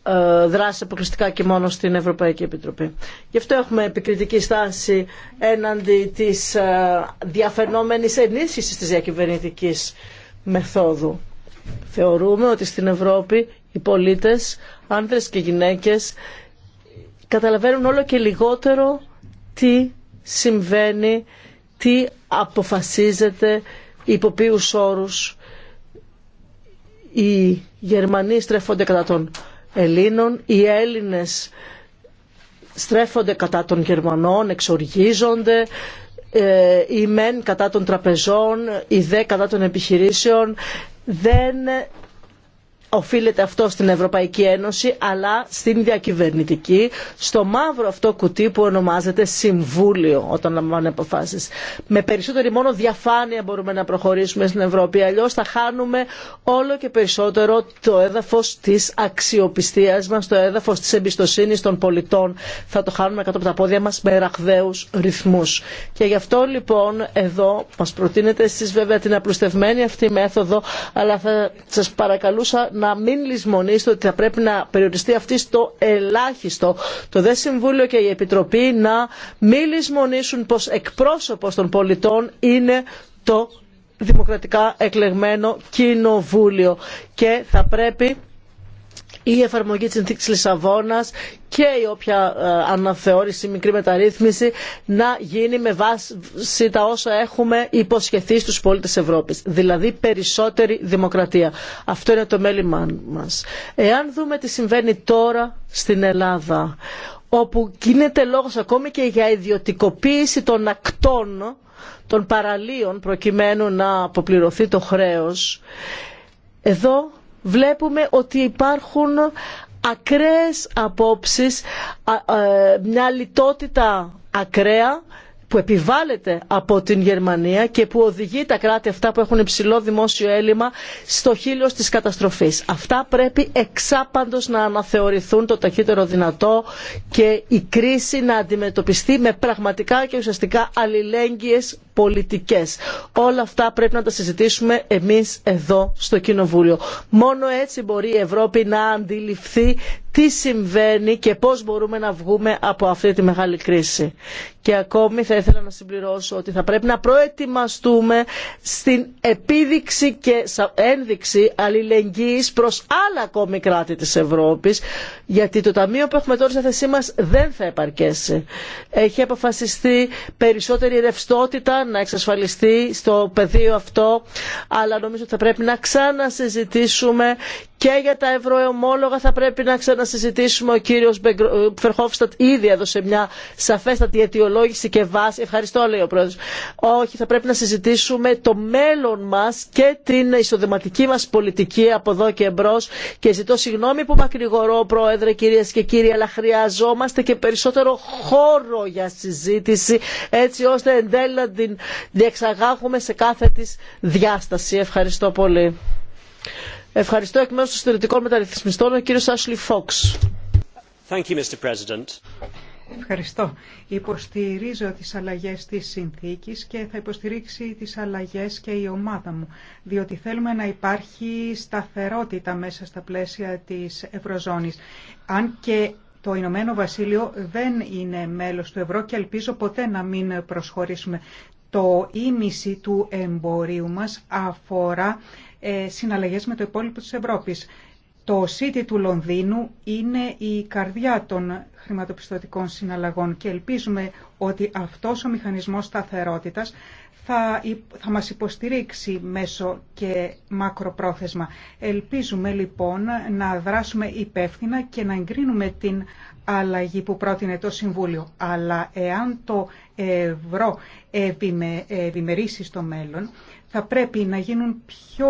ε, δράσει αποκλειστικά και μόνο στην Ευρωπαϊκή Επιτροπή. Γι' αυτό έχουμε επικριτική στάση έναντι της ε, διαφαινόμενη ενίσχυσης της διακυβερνητικής μεθόδου. Θεωρούμε ότι στην Ευρώπη οι πολίτες, άνδρες και γυναίκες, καταλαβαίνουν όλο και λιγότερο τι συμβαίνει, τι αποφασίζεται, υπό ποιους όρους. Οι Γερμανοί στρέφονται κατά τον Ελλήνων. Οι Έλληνες στρέφονται κατά των Γερμανών, εξοργίζονται, ε, οι μεν κατά των τραπεζών, οι δε κατά των επιχειρήσεων. Δεν οφείλεται αυτό στην Ευρωπαϊκή Ένωση αλλά στην διακυβερνητική, στο μαύρο αυτό κουτί που ονομάζεται Συμβούλιο όταν λαμβάνουν αποφάσει. Με περισσότερη μόνο διαφάνεια μπορούμε να προχωρήσουμε στην Ευρώπη, αλλιώ θα χάνουμε όλο και περισσότερο το έδαφος της αξιοπιστίας μας, το έδαφος της εμπιστοσύνης των πολιτών. Θα το χάνουμε κάτω από τα πόδια μας με ραχδαίους ρυθμούς. Και γι' αυτό λοιπόν εδώ μας προτείνετε εσείς βέβαια την απλουστευμένη αυτή μέθοδο, αλλά θα σα παρακαλούσα να μην λησμονήσετε ότι θα πρέπει να περιοριστεί αυτή στο ελάχιστο. Το ΔΕ Συμβούλιο και η Επιτροπή να μην λησμονήσουν πως εκπρόσωπος των πολιτών είναι το δημοκρατικά εκλεγμένο κοινοβούλιο και θα πρέπει η εφαρμογή της συνθήκης Λισαβόνας και η όποια ε, αναθεώρηση, μικρή μεταρρύθμιση να γίνει με βάση τα όσα έχουμε υποσχεθεί στους πολίτες Ευρώπης. Δηλαδή περισσότερη δημοκρατία. Αυτό είναι το μέλημά μας. Εάν δούμε τι συμβαίνει τώρα στην Ελλάδα, όπου γίνεται λόγος ακόμη και για ιδιωτικοποίηση των ακτών των παραλίων προκειμένου να αποπληρωθεί το χρέος, εδώ βλέπουμε ότι υπάρχουν ακραίες απόψεις, μια λιτότητα ακραία που επιβάλλεται από την Γερμανία και που οδηγεί τα κράτη αυτά που έχουν υψηλό δημόσιο έλλειμμα στο χείλος της καταστροφής. Αυτά πρέπει εξάπαντος να αναθεωρηθούν το ταχύτερο δυνατό και η κρίση να αντιμετωπιστεί με πραγματικά και ουσιαστικά αλληλέγγυες πολιτικές. Όλα αυτά πρέπει να τα συζητήσουμε εμείς εδώ στο Κοινοβούλιο. Μόνο έτσι μπορεί η Ευρώπη να αντιληφθεί τι συμβαίνει και πώς μπορούμε να βγούμε από αυτή τη μεγάλη κρίση. Και ακόμη θα ήθελα να συμπληρώσω ότι θα πρέπει να προετοιμαστούμε στην επίδειξη και ένδειξη αλληλεγγύης προς άλλα ακόμη κράτη της Ευρώπης, γιατί το ταμείο που έχουμε τώρα στη θέση μας δεν θα επαρκέσει. Έχει αποφασιστεί περισσότερη ρευστότητα να εξασφαλιστεί στο πεδίο αυτό, αλλά νομίζω ότι θα πρέπει να ξανασυζητήσουμε και για τα ευρωομόλογα θα πρέπει να ξανασυζητήσουμε να συζητήσουμε. Ο κύριο ε, Φερχόφστατ ήδη έδωσε μια σαφέστατη αιτιολόγηση και βάση. Ευχαριστώ, λέει ο πρόεδρο. Όχι, θα πρέπει να συζητήσουμε το μέλλον μα και την ισοδηματική μα πολιτική από εδώ και εμπρό. Και ζητώ συγγνώμη που μακρηγορώ, πρόεδρε, κυρίε και κύριοι, αλλά χρειαζόμαστε και περισσότερο χώρο για συζήτηση, έτσι ώστε εν τέλει να την διεξαγάγουμε σε κάθε τη διάσταση. Ευχαριστώ πολύ.
Ευχαριστώ εκ μέρους των μεταρρυθμιστών ο κύριος Φόξ. Ευχαριστώ. Υποστηρίζω τις αλλαγές της συνθήκης και θα υποστηρίξει τις αλλαγές και η ομάδα μου, διότι θέλουμε να υπάρχει σταθερότητα μέσα στα πλαίσια της Ευρωζώνης. Αν και το Ηνωμένο Βασίλειο δεν είναι μέλος του ευρώ και ελπίζω ποτέ να μην προσχωρήσουμε. Το ίμιση του εμπορίου μας αφορά ε, συναλλαγές με το υπόλοιπο της Ευρώπης. Το City του Λονδίνου είναι η καρδιά των χρηματοπιστωτικών συναλλαγών και ελπίζουμε ότι αυτός ο μηχανισμός σταθερότητας θα, θα μας υποστηρίξει μέσω και μακροπρόθεσμα. Ελπίζουμε λοιπόν να δράσουμε υπεύθυνα και να εγκρίνουμε την αλλαγή που πρότεινε το Συμβούλιο. Αλλά εάν το ευρώ επιμερίσει στο μέλλον, θα πρέπει να γίνουν πιο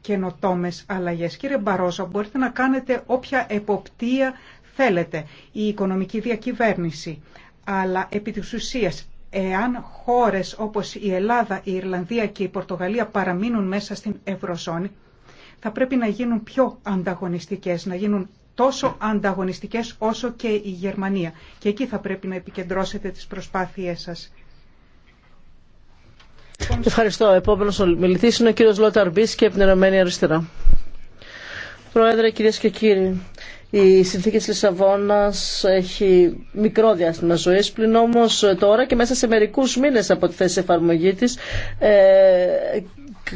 καινοτόμε αλλαγέ. Κύριε Μπαρόζο, μπορείτε να κάνετε όποια εποπτεία θέλετε, η οικονομική διακυβέρνηση. Αλλά επί τη ουσία, εάν χώρες όπως η Ελλάδα, η Ιρλανδία και η Πορτογαλία παραμείνουν μέσα στην Ευρωζώνη, θα πρέπει να γίνουν πιο ανταγωνιστικές, να γίνουν τόσο ανταγωνιστικές όσο και η Γερμανία. Και εκεί θα πρέπει να επικεντρώσετε τις προσπάθειές σας.
Ευχαριστώ. Επόμενο μιλητή είναι ο κύριο Λόταρ και από την Αριστερά. Πρόεδρε, κυρίε και κύριοι, η συνθήκη τη Λισαβόνα έχει μικρό διάστημα ζωή, πλην όμω τώρα και μέσα σε μερικού μήνε από τη θέση εφαρμογή τη, ε,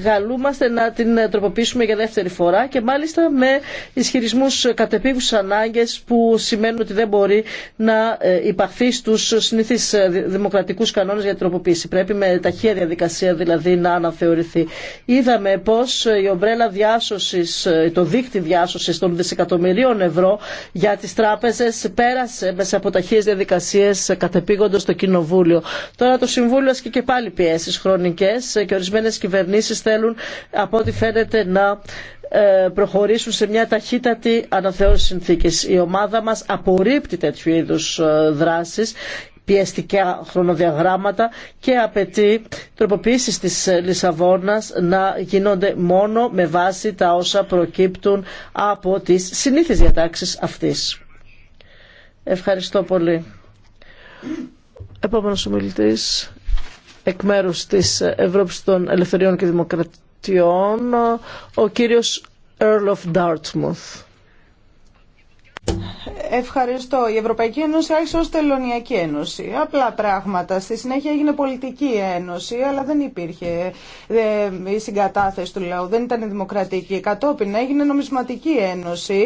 καλούμαστε να την τροποποιήσουμε για δεύτερη φορά και μάλιστα με ισχυρισμούς κατεπίγουσες ανάγκες που σημαίνουν ότι δεν μπορεί να ε, υπαχθεί στους συνήθεις ε, δημοκρατικούς κανόνες για την τροποποίηση. Πρέπει με ταχεία διαδικασία δηλαδή να αναθεωρηθεί. Είδαμε πως ε, η ομπρέλα διάσωσης, το δίκτυ διάσωσης των δισεκατομμυρίων ευρώ για τις τράπεζες πέρασε μέσα από ταχείες διαδικασίες κατεπίγοντας το Κοινοβούλιο. Τώρα το Συμβούλιο ασκεί και πάλι πιέσεις χρονικές και ορισμένες κυβερνήσεις θέλουν από ό,τι φαίνεται να ε, προχωρήσουν σε μια ταχύτατη αναθεώρηση συνθήκης. Η ομάδα μας απορρίπτει τέτοιου είδους ε, δράσεις πιεστικά χρονοδιαγράμματα και απαιτεί τροποποιήσεις της Λισαβόνας να γίνονται μόνο με βάση τα όσα προκύπτουν από τις συνήθεις διατάξεις αυτής. Ευχαριστώ πολύ. Επόμενος ομιλητής, εκ μέρου της Ευρώπη των Ελευθεριών και Δημοκρατιών ο κύριος Earl of Dartmouth.
Ευχαριστώ. Η Ευρωπαϊκή Ένωση άρχισε ως τελωνιακή ένωση. Απλά πράγματα. Στη συνέχεια έγινε πολιτική ένωση, αλλά δεν υπήρχε ε, η συγκατάθεση του λαού. Δεν ήταν δημοκρατική. Κατόπιν έγινε νομισματική ένωση.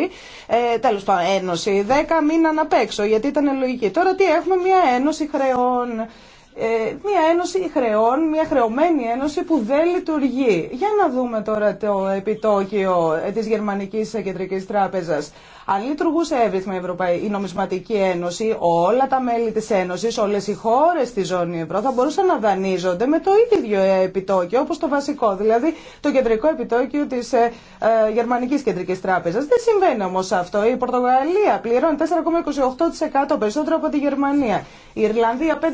Ε, τέλος πάντων, ένωση. Δέκα μήνα απ' έξω, γιατί ήταν λογική. Τώρα τι έχουμε, μια ένωση χρεών. Ε, μια ένωση χρεών, μια χρεωμένη ένωση που δεν λειτουργεί. Για να δούμε τώρα το επιτόκιο ε, της Γερμανικής Κεντρικής Τράπεζας. Αν λειτουργούσε εύρυθμα η, Νομισματική Ένωση, όλα τα μέλη τη Ένωση, όλε οι χώρε στη ζώνη ευρώ θα μπορούσαν να δανείζονται με το ίδιο ε, επιτόκιο όπω το βασικό, δηλαδή το κεντρικό επιτόκιο τη ε, ε, Γερμανικής Κεντρικής Τράπεζας. Δεν συμβαίνει όμω αυτό. Η Πορτογαλία πληρώνει 4,28% περισσότερο από τη Γερμανία. Η Ιρλανδία 5,9%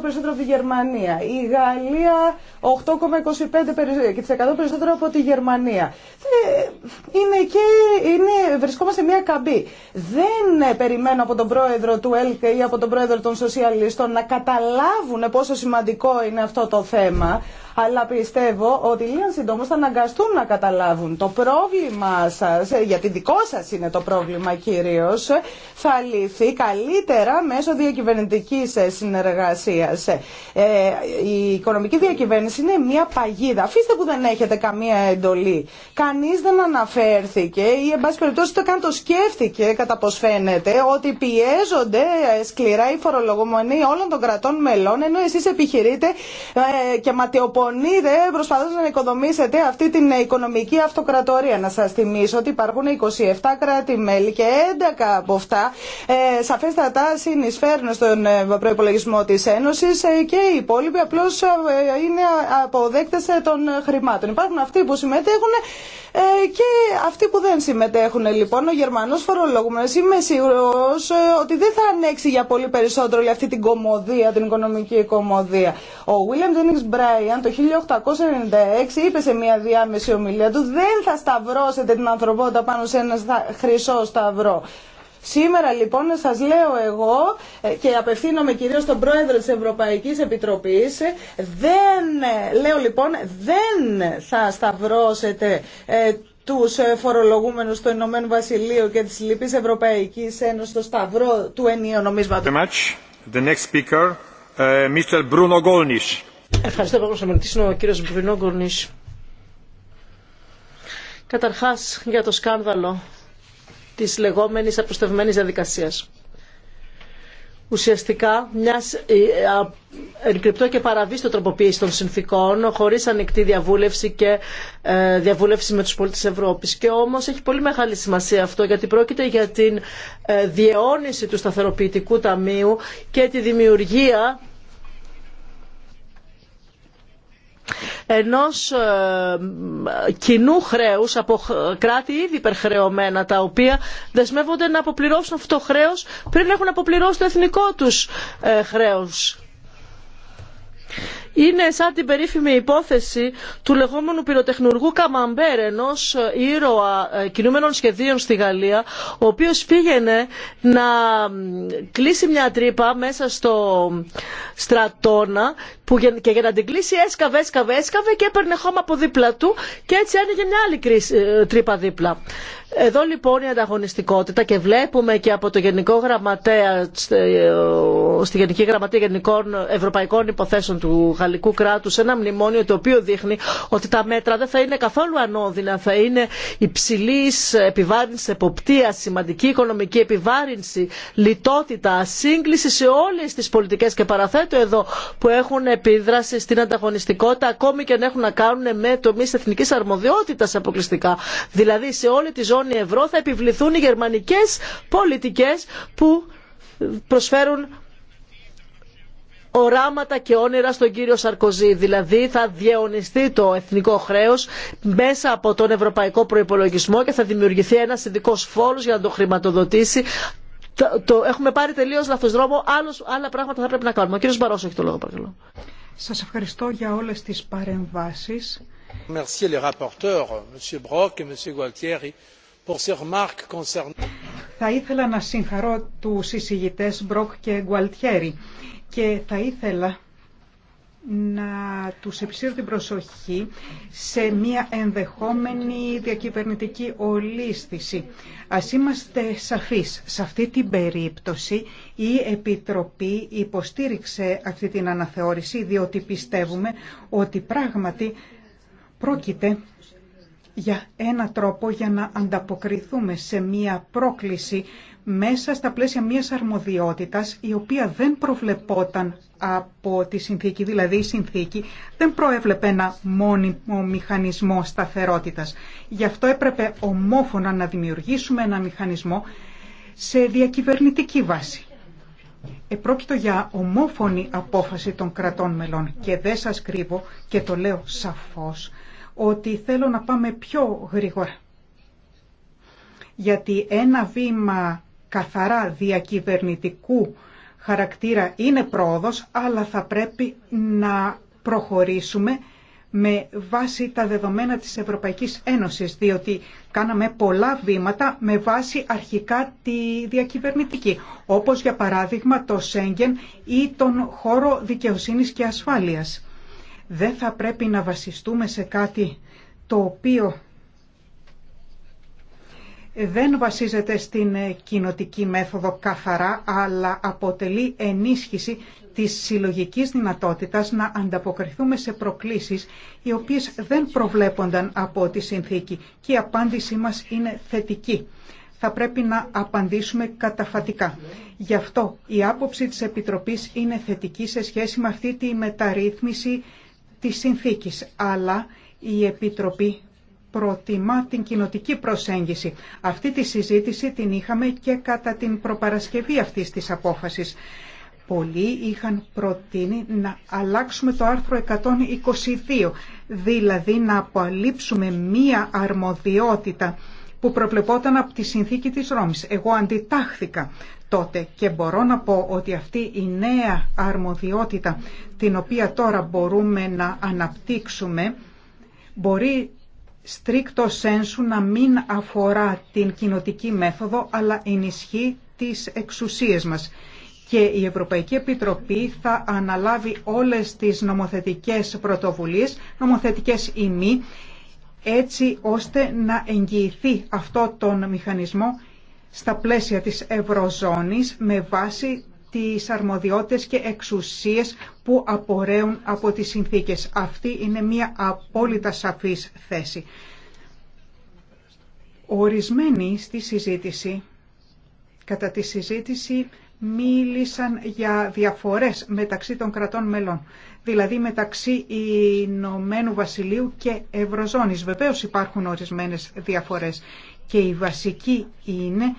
περισσότερο από τη Γερμανία. Η Γαλλία 8,25% περισσότερο από τη Γερμανία. Ε, είναι και βρισκόμαστε μια καμπή. Δεν ε, περιμένω από τον πρόεδρο του ΕΛΚΕ ή από τον πρόεδρο των Σοσιαλιστών να καταλάβουν πόσο σημαντικό είναι αυτό το θέμα αλλά πιστεύω ότι λίγαν συντόμω θα αναγκαστούν να καταλάβουν το πρόβλημα σα, ε, γιατί δικό σα είναι το πρόβλημα κυρίω, ε, θα λυθεί καλύτερα μέσω διακυβερνητικής ε, συνεργασίας. η οικονομική διακυβέρνηση είναι μια παγίδα. Αφήστε που δεν έχετε καμία εντολή. Κανεί δεν αναφέρθηκε ή εν πάση περιπτώσει το καν το σκέφτηκε κατά πώ φαίνεται ότι πιέζονται σκληρά οι φορολογομονοί όλων των κρατών μελών ενώ εσείς επιχειρείτε και ματαιοποιείτε προσπαθούν να οικοδομήσετε αυτή την οικονομική αυτοκρατορία. Να σας θυμίσω ότι υπάρχουν 27 κράτη-μέλη και 11 από αυτά ε, σαφέστατα συνεισφέρουν στον ε, προπολογισμό της Ένωσης ε, και οι υπόλοιποι απλώς ε, είναι αποδέκτες των χρημάτων. Υπάρχουν αυτοί που συμμετέχουν ε, και αυτοί που δεν συμμετέχουν λοιπόν, ο Γερμανός φορολογούμενος, είμαι σίγουρος ε, ότι δεν θα ανέξει για πολύ περισσότερο για αυτή την κομμωδία, την οικονομική κομμωδία. Ο William Jennings Bryan το 1896 είπε σε μια διάμεση ομιλία του «Δεν θα σταυρώσετε την ανθρωπότητα πάνω σε ένα χρυσό σταυρό». Σήμερα λοιπόν σας λέω εγώ ε, και απευθύνομαι κυρίως στον πρόεδρο της Ευρωπαϊκής Επιτροπής δεν, ε, λέω λοιπόν, δεν θα σταυρώσετε ε, τους φορολογούμενους του Ηνωμένου Βασιλείου και της Λυπής Ευρωπαϊκής Ένωσης στο σταυρό του ενίου
νομίσματος. The next speaker, Mr. Bruno Ευχαριστώ πολύ, μιλήσω, ο κύριος Bruno Γκολνής. Καταρχάς, για το σκάνδαλο της λεγόμενης απροστευμένη διαδικασίας. Ουσιαστικά, μια εγκρυπτό και παραβίστο τροποποίηση των συνθήκων, χωρί ανοιχτή διαβούλευση και ε, διαβούλευση με του πολίτε Ευρώπη. Και όμω έχει πολύ μεγάλη σημασία αυτό, γιατί πρόκειται για την ε, διαιώνιση του σταθεροποιητικού ταμείου και τη δημιουργία ενός ε, κοινού χρέους από κράτη ήδη υπερχρεωμένα τα οποία δεσμεύονται να αποπληρώσουν αυτό το χρέος πριν έχουν αποπληρώσει το εθνικό τους ε, χρέος είναι σαν την περίφημη υπόθεση του λεγόμενου πυροτεχνουργού Καμαμπέρ, ενό ε, ήρωα ε, κινούμενων σχεδίων στη Γαλλία, ο οποίο πήγαινε να κλείσει μια τρύπα μέσα στο στρατόνα που και για να την κλείσει έσκαβε, έσκαβε, έσκαβε και έπαιρνε χώμα από δίπλα του και έτσι άνοιγε μια άλλη ε, τρύπα δίπλα. Εδώ λοιπόν η ανταγωνιστικότητα και βλέπουμε και από το Γενικό Γραμματέα στη Γενική Γραμματεία Γενικών Ευρωπαϊκών Υποθέσεων του Γαλλικού κράτους ένα μνημόνιο το οποίο δείχνει ότι τα μέτρα δεν θα είναι καθόλου ανώδυνα, θα είναι υψηλή επιβάρυνση εποπτεία, σημαντική οικονομική επιβάρυνση, λιτότητα, σύγκληση σε όλες τις πολιτικές και παραθέτω εδώ που έχουν επίδραση στην ανταγωνιστικότητα ακόμη και να έχουν να κάνουν με τομείς εθνικής αρμοδιότητας αποκλειστικά. Δηλαδή σε όλη τη ζώνη ζώνη ευρώ θα επιβληθούν οι γερμανικές πολιτικές που προσφέρουν οράματα και όνειρα στον κύριο Σαρκοζή. Δηλαδή θα διαιωνιστεί το εθνικό χρέος μέσα από τον ευρωπαϊκό Προπολογισμό και θα δημιουργηθεί ένας ειδικό φόρος για να το χρηματοδοτήσει. Το, το, έχουμε πάρει τελείω λάθος δρόμο, Άλλος, άλλα πράγματα θα πρέπει να κάνουμε. Ο κύριος Μπαρόσο έχει το λόγο παρακαλώ.
Σας ευχαριστώ για όλες τις παρεμβάσεις. Merci les rapporteurs, et θα ήθελα να συγχαρώ τους συζητητές Μπροκ και Γκουαλτιέρη και θα ήθελα να τους επισύρω την προσοχή σε μια ενδεχόμενη διακυβερνητική ολίσθηση. Ας είμαστε σαφείς. Σε αυτή την περίπτωση η Επιτροπή υποστήριξε αυτή την αναθεώρηση διότι πιστεύουμε ότι πράγματι πρόκειται για ένα τρόπο για να ανταποκριθούμε σε μία πρόκληση μέσα στα πλαίσια μιας αρμοδιότητας η οποία δεν προβλεπόταν από τη συνθήκη, δηλαδή η συνθήκη δεν προέβλεπε ένα μόνιμο μηχανισμό σταθερότητας. Γι' αυτό έπρεπε ομόφωνα να δημιουργήσουμε ένα μηχανισμό σε διακυβερνητική βάση. Επρόκειτο για ομόφωνη απόφαση των κρατών μελών και δεν σας κρύβω και το λέω σαφώς ότι θέλω να πάμε πιο γρήγορα. Γιατί ένα βήμα καθαρά διακυβερνητικού χαρακτήρα είναι πρόοδος, αλλά θα πρέπει να προχωρήσουμε με βάση τα δεδομένα της Ευρωπαϊκής Ένωσης, διότι κάναμε πολλά βήματα με βάση αρχικά τη διακυβερνητική, όπως για παράδειγμα το Σέγγεν ή τον χώρο δικαιοσύνης και ασφάλειας. Δεν θα πρέπει να βασιστούμε σε κάτι το οποίο δεν βασίζεται στην κοινοτική μέθοδο καθαρά, αλλά αποτελεί ενίσχυση της συλλογικής δυνατότητας να ανταποκριθούμε σε προκλήσεις οι οποίες δεν προβλέπονταν από τη συνθήκη και η απάντησή μας είναι θετική. Θα πρέπει να απαντήσουμε καταφατικά. Γι' αυτό η άποψη της Επιτροπής είναι θετική σε σχέση με αυτή τη μεταρρύθμιση της συνθήκης, αλλά η Επιτροπή προτιμά την κοινοτική προσέγγιση. Αυτή τη συζήτηση την είχαμε και κατά την προπαρασκευή αυτής της απόφασης. Πολλοί είχαν προτείνει να αλλάξουμε το άρθρο 122, δηλαδή να απολύψουμε μία αρμοδιότητα που προβλεπόταν από τη συνθήκη της Ρώμης. Εγώ αντιτάχθηκα τότε και μπορώ να πω ότι αυτή η νέα αρμοδιότητα την οποία τώρα μπορούμε να αναπτύξουμε μπορεί στρίκτο σένσου να μην αφορά την κοινοτική μέθοδο αλλά ενισχύει τις εξουσίες μας και η Ευρωπαϊκή Επιτροπή θα αναλάβει όλες τις νομοθετικές πρωτοβουλίες, νομοθετικές ή έτσι ώστε να εγγυηθεί αυτό τον μηχανισμό στα πλαίσια της Ευρωζώνης με βάση τις αρμοδιότητες και εξουσίες που απορρέουν από τις συνθήκες. Αυτή είναι μια απόλυτα σαφής θέση. Ορισμένοι στη συζήτηση, κατά τη συζήτηση μίλησαν για διαφορές μεταξύ των κρατών μελών δηλαδή μεταξύ Ηνωμένου Βασιλείου και Ευρωζώνης. Βεβαίως υπάρχουν ορισμένες διαφορές και η βασική είναι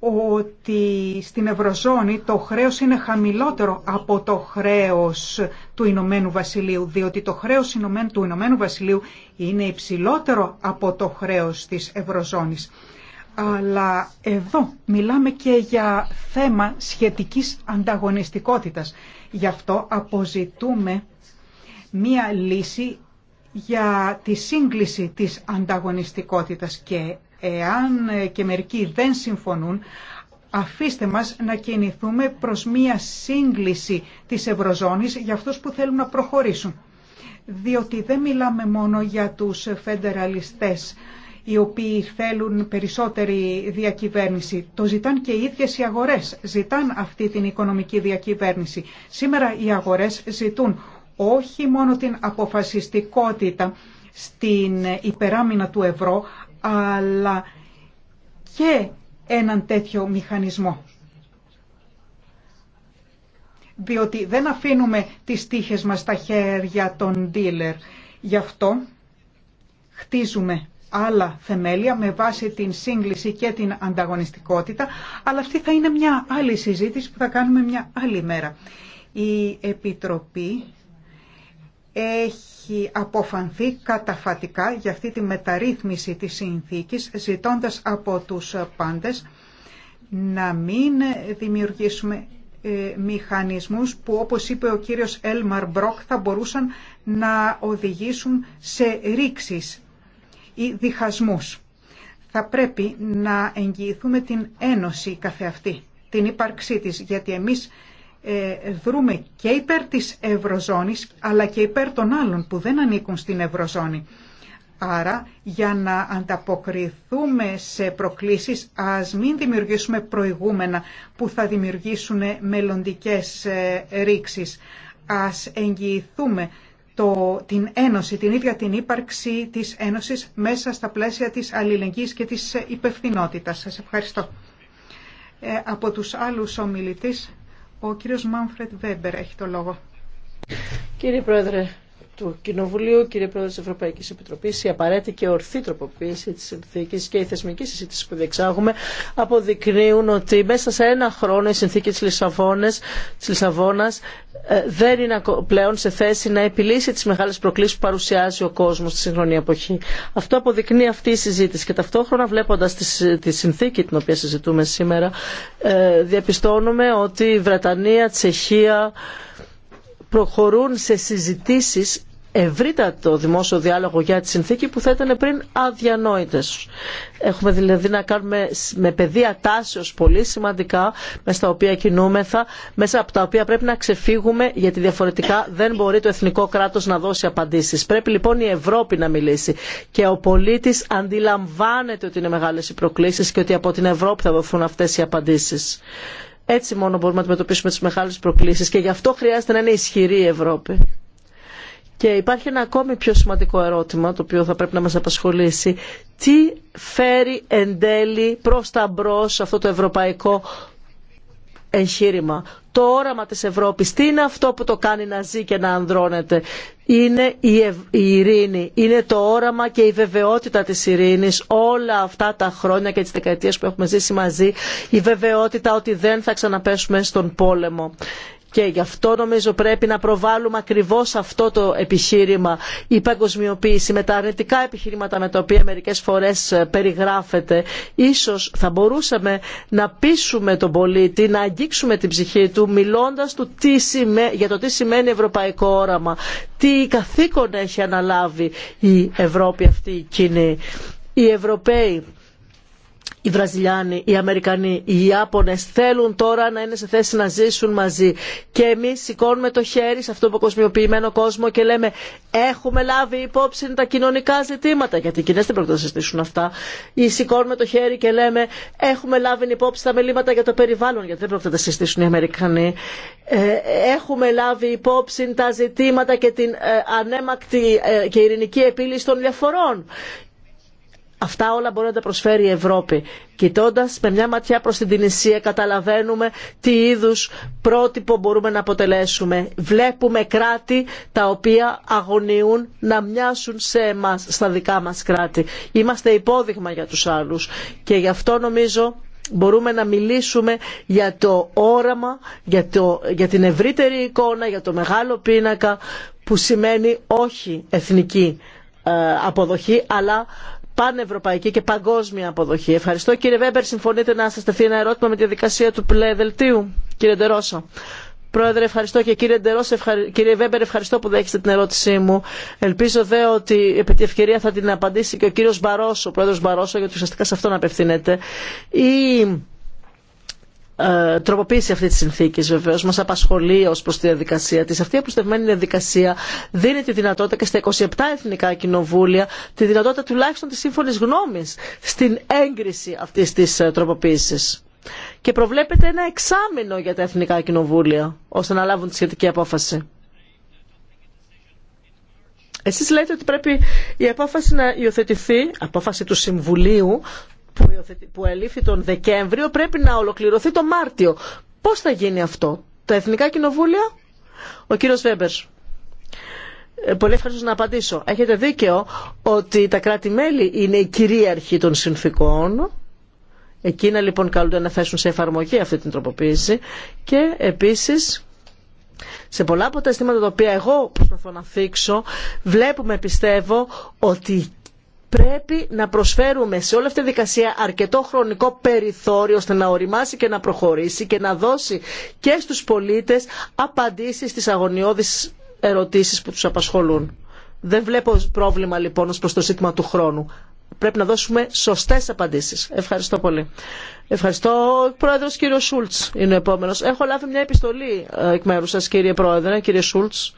ότι στην Ευρωζώνη το χρέος είναι χαμηλότερο από το χρέος του Ηνωμένου Βασιλείου, διότι το χρέος του Ηνωμένου Βασιλείου είναι υψηλότερο από το χρέος της Ευρωζώνης. Αλλά εδώ μιλάμε και για θέμα σχετικής ανταγωνιστικότητας. Γι' αυτό αποζητούμε μία λύση για τη σύγκληση της ανταγωνιστικότητας και εάν και μερικοί δεν συμφωνούν, αφήστε μας να κινηθούμε προς μία σύγκληση της Ευρωζώνης για αυτούς που θέλουν να προχωρήσουν. Διότι δεν μιλάμε μόνο για τους φεντεραλιστές οι οποίοι θέλουν περισσότερη διακυβέρνηση. Το ζητάν και οι ίδιες οι αγορές, ζητάν αυτή την οικονομική διακυβέρνηση. Σήμερα οι αγορές ζητούν όχι μόνο την αποφασιστικότητα στην υπεράμυνα του ευρώ, αλλά και έναν τέτοιο μηχανισμό. Διότι δεν αφήνουμε τις τύχες μας στα χέρια των dealer. Γι' αυτό χτίζουμε άλλα θεμέλια με βάση την σύγκληση και την ανταγωνιστικότητα, αλλά αυτή θα είναι μια άλλη συζήτηση που θα κάνουμε μια άλλη μέρα. Η Επιτροπή έχει αποφανθεί καταφατικά για αυτή τη μεταρρύθμιση της συνθήκης, ζητώντας από τους πάντες να μην δημιουργήσουμε ε, μηχανισμούς που όπως είπε ο κύριος Έλμαρ Μπρόκ θα μπορούσαν να οδηγήσουν σε ρήξεις ή διχασμούς. Θα πρέπει να εγγυηθούμε την ένωση καθεαυτή, την ύπαρξή της, γιατί εμείς ε, δρούμε και υπέρ της Ευρωζώνης αλλά και υπέρ των άλλων που δεν ανήκουν στην Ευρωζώνη. Άρα για να ανταποκριθούμε σε προκλήσεις ας μην δημιουργήσουμε προηγούμενα που θα δημιουργήσουν μελλοντικές ε, ρήξεις. Ας εγγυηθούμε το, την Ένωση, την ίδια την ύπαρξη της Ένωσης μέσα στα πλαίσια της αλληλεγγύης και της υπευθυνότητα. Σας ευχαριστώ. Ε, από τους άλλους ομιλητές, ο κύριος Μάνφρετ Βέμπερ έχει το λόγο. Κύριε Πρόεδρε,
του Κοινοβουλίου, κύριε Πρόεδρε τη Ευρωπαϊκή Επιτροπή, η απαραίτητη και ορθή τροποποίηση τη συνθήκη και η θεσμική συζήτηση που διεξάγουμε αποδεικνύουν ότι μέσα σε ένα χρόνο η συνθήκη τη Λισαβόνα ε, δεν είναι πλέον σε θέση να επιλύσει τι μεγάλε προκλήσει που παρουσιάζει ο κόσμο στη σύγχρονη εποχή. Αυτό αποδεικνύει αυτή η συζήτηση και ταυτόχρονα βλέποντα τη συνθήκη την οποία συζητούμε σήμερα, ε, διαπιστώνουμε ότι η Βρετανία, Τσεχία, προχωρούν σε συζητήσεις ευρύτατο δημόσιο διάλογο για τη συνθήκη που θα ήταν πριν αδιανόητε. Έχουμε δηλαδή να κάνουμε με πεδία τάσεω πολύ σημαντικά με οποία κινούμεθα, μέσα από τα οποία πρέπει να ξεφύγουμε γιατί διαφορετικά δεν μπορεί το εθνικό κράτο να δώσει απαντήσει. Πρέπει λοιπόν η Ευρώπη να μιλήσει και ο πολίτη αντιλαμβάνεται ότι είναι μεγάλε οι προκλήσει και ότι από την Ευρώπη θα δοθούν αυτέ οι απαντήσει. Έτσι μόνο μπορούμε να αντιμετωπίσουμε τι μεγάλε προκλήσει, και γι' αυτό χρειάζεται να είναι ισχυρή η Ευρώπη. Και υπάρχει ένα ακόμη πιο σημαντικό ερώτημα, το οποίο θα πρέπει να μας απασχολήσει. Τι φέρει εν τέλει προς τα μπρος αυτό το ευρωπαϊκό εγχείρημα. Το όραμα της Ευρώπης, τι είναι αυτό που το κάνει να ζει και να ανδρώνεται. Είναι η, η ειρήνη, είναι το όραμα και η βεβαιότητα της ειρήνης όλα αυτά τα χρόνια και τις δεκαετίες που έχουμε ζήσει μαζί. Η βεβαιότητα ότι δεν θα ξαναπέσουμε στον πόλεμο. Και γι' αυτό νομίζω πρέπει να προβάλλουμε ακριβώς αυτό το επιχείρημα, η παγκοσμιοποίηση με τα αρνητικά επιχειρήματα με τα οποία μερικές φορές ε, περιγράφεται. Ίσως θα μπορούσαμε να πείσουμε τον πολίτη, να αγγίξουμε την ψυχή του μιλώντας του τι για το τι σημαίνει ευρωπαϊκό όραμα, τι καθήκον έχει αναλάβει η Ευρώπη αυτή η κοινή. Οι Ευρωπαίοι οι Βραζιλιάνοι, οι Αμερικανοί, οι Ιάπωνες θέλουν τώρα να είναι σε θέση να ζήσουν μαζί. Και εμείς σηκώνουμε το χέρι σε αυτόν τον κοσμιοποιημένο κόσμο και λέμε έχουμε λάβει υπόψη τα κοινωνικά ζητήματα, γιατί οι Κινές δεν πρέπει να συστήσουν αυτά. Ή σηκώνουμε το χέρι και λέμε έχουμε λάβει υπόψη τα μελήματα για το περιβάλλον, γιατί δεν πρόκειται να συστήσουν οι Αμερικανοί. Ε, έχουμε λάβει υπόψη τα ζητήματα και την ε, ανέμακτη ε, και ειρηνική επίλυση των διαφορών. Αυτά όλα μπορεί να τα προσφέρει η Ευρώπη. Κοιτώντα με μια ματιά προ την Τινησία, καταλαβαίνουμε τι είδου πρότυπο μπορούμε να αποτελέσουμε. Βλέπουμε κράτη τα οποία αγωνιούν να μοιάσουν σε εμά, στα δικά μα κράτη. Είμαστε υπόδειγμα για του άλλου. Και γι' αυτό νομίζω μπορούμε να μιλήσουμε για το όραμα, για, το, για την ευρύτερη εικόνα, για το μεγάλο πίνακα που σημαίνει όχι εθνική ε, αποδοχή αλλά πανευρωπαϊκή και παγκόσμια αποδοχή. Ευχαριστώ. Κύριε Βέμπερ, συμφωνείτε να σα τεθεί ένα ερώτημα με τη διαδικασία του δελτίου, Κύριε Ντερόσα. Πρόεδρε, ευχαριστώ και κύριε Ντερός, κύριε Βέμπερ, ευχαριστώ που δέχεστε την ερώτησή μου. Ελπίζω δε ότι επί τη ευκαιρία θα την απαντήσει και ο κύριος Μπαρόσο, ο πρόεδρο Μπαρόσο, γιατί ουσιαστικά σε αυτόν απευθύνεται. Η ε, τροποποίηση αυτή τη συνθήκη βεβαίω μα απασχολεί ω προ τη διαδικασία τη. Αυτή η απλουστευμένη διαδικασία δίνει τη δυνατότητα και στα 27 εθνικά κοινοβούλια τη δυνατότητα τουλάχιστον τη σύμφωνη γνώμη στην έγκριση αυτή τη ε, τροποποίηση. Και προβλέπεται ένα εξάμεινο για τα εθνικά κοινοβούλια ώστε να λάβουν τη σχετική απόφαση. Εσείς λέτε ότι πρέπει η απόφαση να υιοθετηθεί, απόφαση του Συμβουλίου, που ελήφθη τον Δεκέμβριο πρέπει να ολοκληρωθεί τον Μάρτιο. Πώς θα γίνει αυτό, τα Εθνικά Κοινοβούλια, ο κύριος Βέμπερ. Ε, πολύ ευχαριστώ να απαντήσω. Έχετε δίκαιο ότι τα κράτη-μέλη είναι η κυρίαρχη των συνθήκων. Εκείνα λοιπόν καλούνται να θέσουν σε εφαρμογή αυτή την τροποποίηση και επίσης σε πολλά από τα αισθήματα τα οποία εγώ προσπαθώ να θίξω βλέπουμε πιστεύω ότι πρέπει να προσφέρουμε σε όλη αυτή τη δικασία αρκετό χρονικό περιθώριο ώστε να οριμάσει και να προχωρήσει και να δώσει και στους πολίτες απαντήσεις στις αγωνιώδεις ερωτήσεις που τους απασχολούν. Δεν βλέπω πρόβλημα λοιπόν ως προς το ζήτημα του χρόνου. Πρέπει να δώσουμε σωστές απαντήσεις. Ευχαριστώ πολύ. Ευχαριστώ. Ο Πρόεδρος κύριο Σούλτς είναι ο επόμενος. Έχω λάβει μια επιστολή ε, εκ μέρους σας κύριε Πρόεδρε, κύριε Σούλτς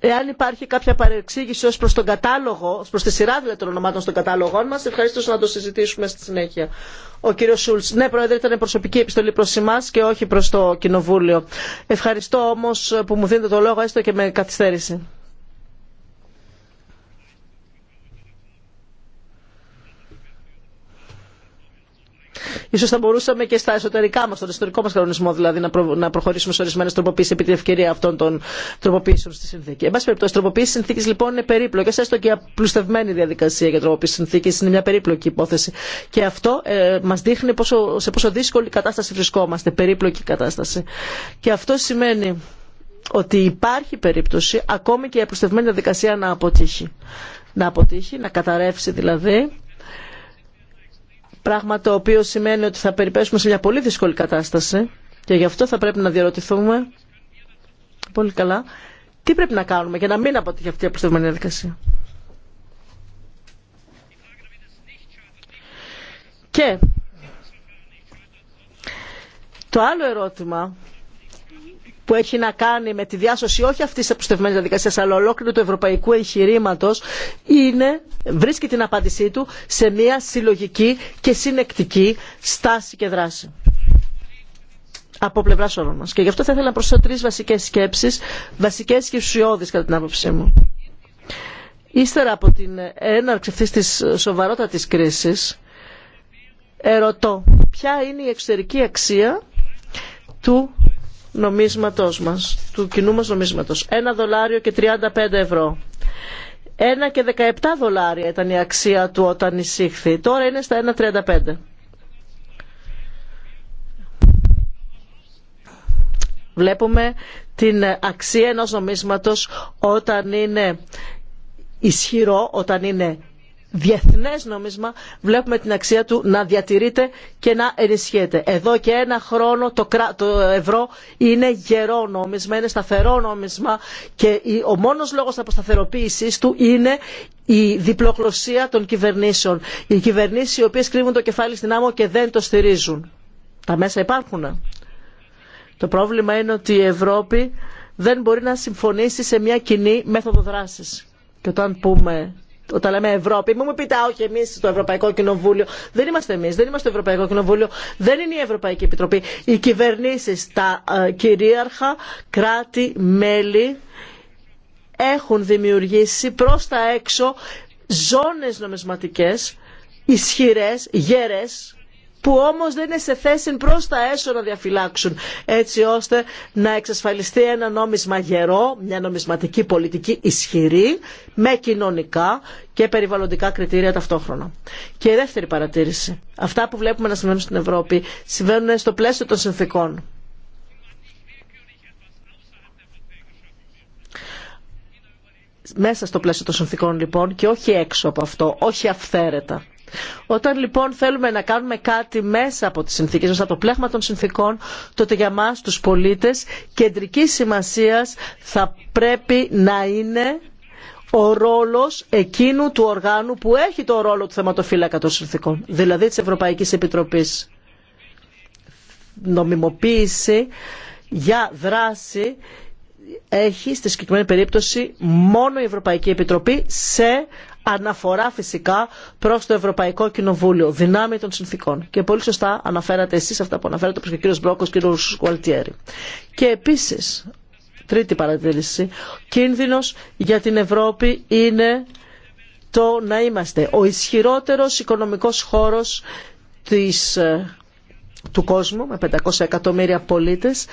εάν υπάρχει κάποια παρεξήγηση ως προς τον κατάλογο, ως προς τη σειρά δηλαδή των ονομάτων στον κατάλογό μας, ευχαριστώ να το συζητήσουμε στη συνέχεια. Ο κύριο Σούλτ. ναι πρόεδρε ήταν προσωπική επιστολή προς εμά και όχι προς το κοινοβούλιο. Ευχαριστώ όμως που μου δίνετε το λόγο έστω και με καθυστέρηση. Ίσως θα μπορούσαμε και στα εσωτερικά μα, στον εσωτερικό μα κανονισμό δηλαδή, να, να προχωρήσουμε σε ορισμένε τροποποίησεις επί τη ευκαιρία αυτών των τροποποίησεων στη συνθήκη. Εν πάση περιπτώσει, τροποποίηση συνθήκη λοιπόν είναι περίπλοκη... έστω και η απλουστευμένη διαδικασία για τροποποίηση συνθήκη, είναι μια περίπλοκη υπόθεση. Και αυτό ε, μας δείχνει πόσο, σε πόσο δύσκολη κατάσταση βρισκόμαστε, περίπλοκη κατάσταση. Και αυτό σημαίνει ότι υπάρχει περίπτωση ακόμη και η απλουστευμένη διαδικασία να αποτύχει. Να αποτύχει, να καταρρεύσει δηλαδή Πράγμα το οποίο σημαίνει ότι θα περιπέσουμε σε μια πολύ δύσκολη κατάσταση και γι' αυτό θα πρέπει να διαρωτηθούμε πολύ καλά τι πρέπει να κάνουμε για να μην αποτύχει αυτή η αποστευμένη διαδικασία. Και το άλλο ερώτημα που έχει να κάνει με τη διάσωση όχι αυτή τη αποστευμένη διαδικασία αλλά ολόκληρου του ευρωπαϊκού εγχειρήματο βρίσκει την απάντησή του σε μια συλλογική και συνεκτική στάση και δράση από πλευρά όλων μα. Και γι' αυτό θα ήθελα να προσθέσω τρει βασικέ σκέψει, βασικέ και ουσιώδει κατά την άποψή μου. Ύστερα από την έναρξη αυτή τη σοβαρότατη κρίση, ερωτώ ποια είναι η εξωτερική αξία του νομίσματός μας, του κοινού μας νομίσματος. 1 δολάριο και 35 ευρώ. Ένα και 17 δολάρια ήταν η αξία του όταν εισήχθη. Τώρα είναι στα 1,35. Βλέπουμε την αξία ενός νομίσματος όταν είναι ισχυρό, όταν είναι διεθνές νόμισμα βλέπουμε την αξία του να διατηρείται και να ενισχύεται. Εδώ και ένα χρόνο το, ευρώ είναι γερό νόμισμα, είναι σταθερό νόμισμα και ο μόνος λόγος αποσταθεροποίησής του είναι η διπλοκλωσία των κυβερνήσεων. Οι κυβερνήσεις οι οποίες κρύβουν το κεφάλι στην άμμο και δεν το στηρίζουν. Τα μέσα υπάρχουν. Το πρόβλημα είναι ότι η Ευρώπη δεν μπορεί να συμφωνήσει σε μια κοινή μέθοδο δράσης. Και όταν πούμε όταν λέμε Ευρώπη, μην μου πείτε, όχι εμεί στο Ευρωπαϊκό Κοινοβούλιο. Δεν είμαστε εμεί, δεν είμαστε το Ευρωπαϊκό Κοινοβούλιο, δεν είναι η Ευρωπαϊκή Επιτροπή. Οι κυβερνήσει, τα ε, κυρίαρχα κράτη-μέλη έχουν δημιουργήσει προς τα έξω ζώνες νομισματικές ισχυρές, γέρες, που όμως δεν είναι σε θέση προς τα έσω να διαφυλάξουν έτσι ώστε να εξασφαλιστεί ένα νόμισμα γερό, μια νομισματική πολιτική ισχυρή με κοινωνικά και περιβαλλοντικά κριτήρια ταυτόχρονα. Και η δεύτερη παρατήρηση. Αυτά που βλέπουμε να συμβαίνουν στην Ευρώπη συμβαίνουν στο πλαίσιο των συνθήκων. Μέσα στο πλαίσιο των συνθήκων λοιπόν και όχι έξω από αυτό, όχι αυθαίρετα. Όταν λοιπόν θέλουμε να κάνουμε κάτι μέσα από τις συνθήκες, μέσα από το πλέγμα των συνθήκων, τότε για μας τους πολίτες κεντρική σημασίας θα πρέπει να είναι ο ρόλος εκείνου του οργάνου που έχει το ρόλο του θεματοφύλακα των συνθήκων, δηλαδή της Ευρωπαϊκής Επιτροπής. Νομιμοποίηση για δράση έχει στη συγκεκριμένη περίπτωση μόνο η Ευρωπαϊκή Επιτροπή σε αναφορά φυσικά προς το Ευρωπαϊκό Κοινοβούλιο, δυνάμει των συνθήκων. Και πολύ σωστά αναφέρατε εσείς αυτά που αναφέρατε όπως και ο κύριος Μπρόκος και ο κύριος Γουαλτιέρη. Και επίσης, τρίτη παρατήρηση, κίνδυνος για την Ευρώπη είναι το να είμαστε ο ισχυρότερος οικονομικός χώρος της, ε, του κόσμου με 500 εκατομμύρια πολίτες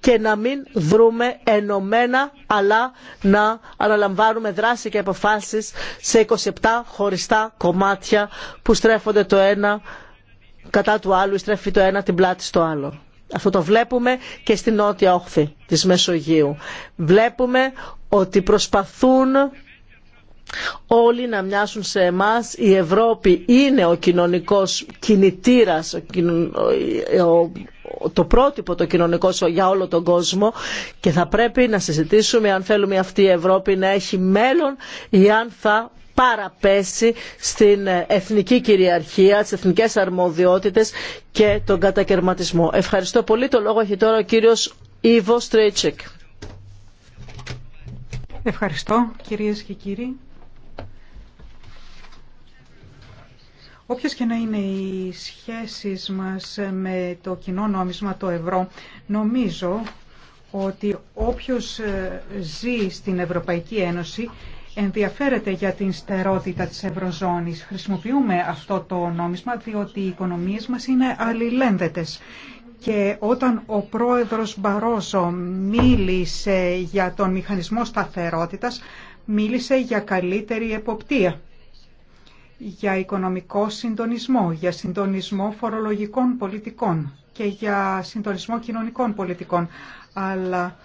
και να μην δρούμε ενωμένα αλλά να αναλαμβάνουμε δράση και αποφάσεις σε 27 χωριστά κομμάτια που στρέφονται το ένα κατά του άλλου, στρέφει το ένα την πλάτη στο άλλο. Αυτό το βλέπουμε και στην νότια όχθη της Μεσογείου. Βλέπουμε ότι προσπαθούν όλοι να μοιάσουν σε εμάς. Η Ευρώπη είναι ο κοινωνικός κινητήρας, το πρότυπο το κοινωνικό για όλο τον κόσμο και θα πρέπει να συζητήσουμε αν θέλουμε αυτή η Ευρώπη να έχει μέλλον ή αν θα παραπέσει στην εθνική κυριαρχία, τις εθνικές αρμοδιότητες και τον κατακαιρματισμό. Ευχαριστώ πολύ. Το λόγο έχει τώρα ο κύριος Ιβο
Στρέιτσικ. Ευχαριστώ κυρίες και κύριοι. Όποιες και να είναι οι σχέσεις μας με το κοινό νόμισμα, το ευρώ, νομίζω ότι όποιος ε, ζει στην Ευρωπαϊκή Ένωση ενδιαφέρεται για την στερότητα της Ευρωζώνης. Χρησιμοποιούμε αυτό το νόμισμα διότι οι οικονομίες μας είναι αλληλένδετες. Και όταν ο πρόεδρος Μπαρόζο μίλησε για τον μηχανισμό σταθερότητας, μίλησε για καλύτερη εποπτεία για οικονομικό συντονισμό, για συντονισμό φορολογικών πολιτικών και για συντονισμό κοινωνικών πολιτικών. Αλλά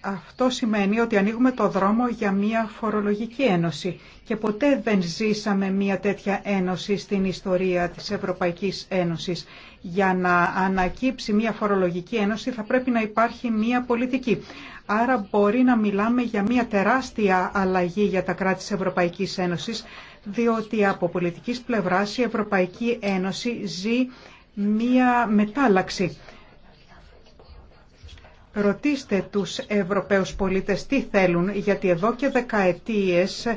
αυτό σημαίνει ότι ανοίγουμε το δρόμο για μια φορολογική ένωση και ποτέ δεν ζήσαμε μια τέτοια ένωση στην ιστορία της Ευρωπαϊκής Ένωσης. Για να ανακύψει μια φορολογική ένωση θα πρέπει να υπάρχει μια πολιτική. Άρα μπορεί να μιλάμε για μια τεράστια αλλαγή για τα κράτη της Ευρωπαϊκής Ένωσης διότι από πολιτικής πλευράς η Ευρωπαϊκή Ένωση ζει μία μετάλλαξη. Ρωτήστε τους Ευρωπαίους πολίτες τι θέλουν, γιατί εδώ και δεκαετίες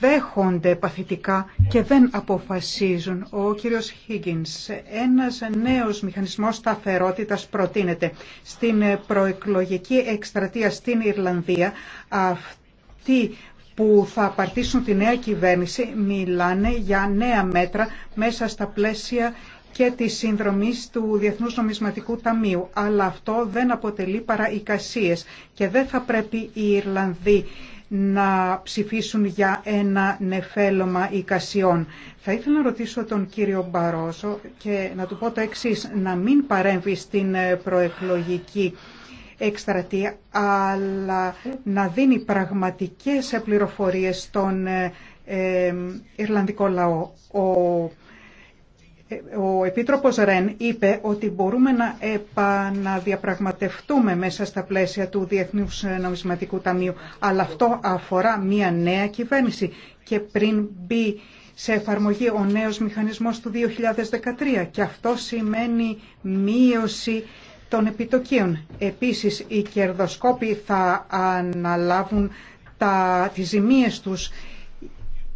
δέχονται παθητικά και δεν αποφασίζουν. Ο κύριος Higgins, ένας νέος μηχανισμός σταθερότητας προτείνεται στην προεκλογική εκστρατεία στην Ιρλανδία. Αυτή που θα απαρτήσουν τη νέα κυβέρνηση μιλάνε για νέα μέτρα μέσα στα πλαίσια και τη συνδρομή του Διεθνούς Νομισματικού Ταμείου. Αλλά αυτό δεν αποτελεί παρά εικασίες και δεν θα πρέπει οι Ιρλανδοί να ψηφίσουν για ένα νεφέλωμα εικασιών. Θα ήθελα να ρωτήσω τον κύριο Μπαρόσο και να του πω το εξής, να μην παρέμβει στην προεκλογική αλλά να δίνει πραγματικές πληροφορίες στον ε, ε, Ιρλανδικό λαό. Ο ε, ο Επίτροπος Ρεν είπε ότι μπορούμε να επαναδιαπραγματευτούμε μέσα στα πλαίσια του Διεθνούς Νομισματικού Ταμείου, αλλά αυτό αφορά μια νέα κυβέρνηση και πριν μπει σε εφαρμογή ο νέος μηχανισμός του 2013 και αυτό σημαίνει μείωση των επιτοκίων. Επίσης, οι κερδοσκόποι θα αναλάβουν τα, τις ζημίες τους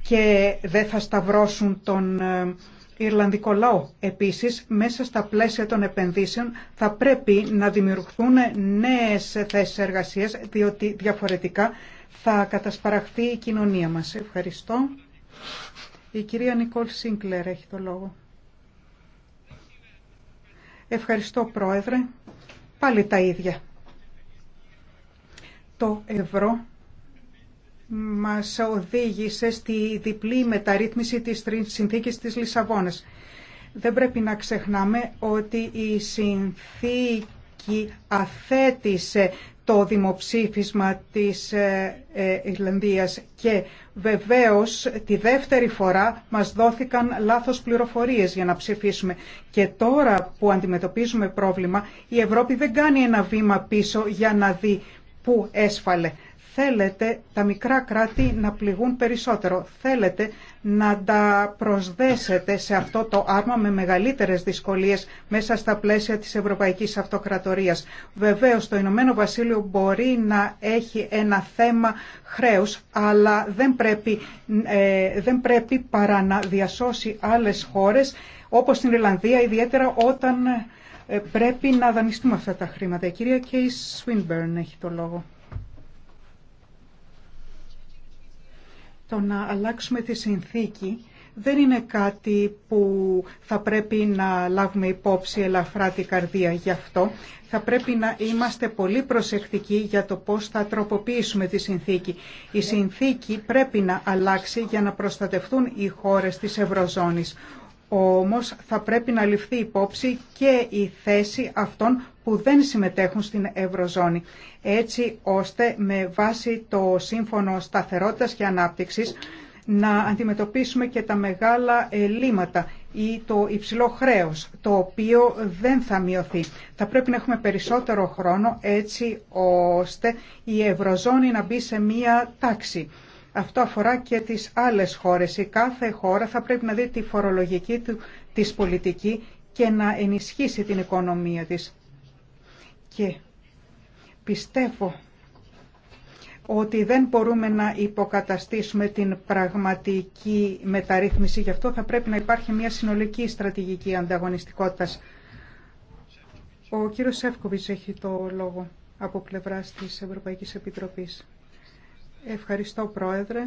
και δεν θα σταυρώσουν τον ε, Ιρλανδικό λαό. Επίσης, μέσα στα πλαίσια των επενδύσεων θα πρέπει να δημιουργηθούν νέες θέσεις εργασίας, διότι διαφορετικά θα κατασπαραχθεί η κοινωνία μας. Ευχαριστώ. Η κυρία Νικόλ Σίνκλερ έχει το λόγο. Ευχαριστώ Πρόεδρε. Πάλι τα ίδια. Το ευρώ μας οδήγησε στη διπλή μεταρρύθμιση της συνθήκης της Λισαβόνας. Δεν πρέπει να ξεχνάμε ότι η συνθήκη αθέτησε το δημοψήφισμα της ε, ε, Ιρλανδίας και βεβαίως τη δεύτερη φορά μας δόθηκαν λάθος πληροφορίες για να ψηφίσουμε. Και τώρα που αντιμετωπίζουμε πρόβλημα, η Ευρώπη δεν κάνει ένα βήμα πίσω για να δει πού έσφαλε. Θέλετε τα μικρά κράτη να πληγούν περισσότερο. Θέλετε να τα προσδέσετε σε αυτό το άρμα με μεγαλύτερες δυσκολίες μέσα στα πλαίσια της Ευρωπαϊκής Αυτοκρατορίας. Βεβαίως το Ηνωμένο Βασίλειο μπορεί να έχει ένα θέμα χρέους, αλλά δεν πρέπει, ε, δεν πρέπει παρά να διασώσει άλλες χώρες, όπως την Ιρλανδία, ιδιαίτερα όταν ε, πρέπει να δανειστούμε αυτά τα χρήματα. Η κυρία Κέι Σουίνμπερν έχει το λόγο. Το να αλλάξουμε τη συνθήκη δεν είναι κάτι που θα πρέπει να λάβουμε υπόψη ελαφρά την καρδία. Γι' αυτό θα πρέπει να είμαστε πολύ προσεκτικοί για το πώς θα τροποποιήσουμε τη συνθήκη. Η συνθήκη πρέπει να αλλάξει για να προστατευτούν οι χώρες της Ευρωζώνης. Όμως θα πρέπει να ληφθεί υπόψη και η θέση αυτών που δεν συμμετέχουν στην Ευρωζώνη, έτσι ώστε με βάση το Σύμφωνο Σταθερότητας και Ανάπτυξης να αντιμετωπίσουμε και τα μεγάλα ελλείμματα ή το υψηλό χρέος, το οποίο δεν θα μειωθεί. Θα πρέπει να έχουμε περισσότερο χρόνο έτσι ώστε η Ευρωζώνη να μπει σε μία τάξη αυτό αφορά και τις άλλες χώρες. Η κάθε χώρα θα πρέπει να δει τη φορολογική του, της πολιτική και να ενισχύσει την οικονομία της. Και πιστεύω ότι δεν μπορούμε να υποκαταστήσουμε την πραγματική μεταρρύθμιση. Γι' αυτό θα πρέπει να υπάρχει μια συνολική στρατηγική ανταγωνιστικότητας. Ο κύριος Σεύκοβης έχει το λόγο από πλευράς της Ευρωπαϊκής Επιτροπής. Ευχαριστώ Πρόεδρε.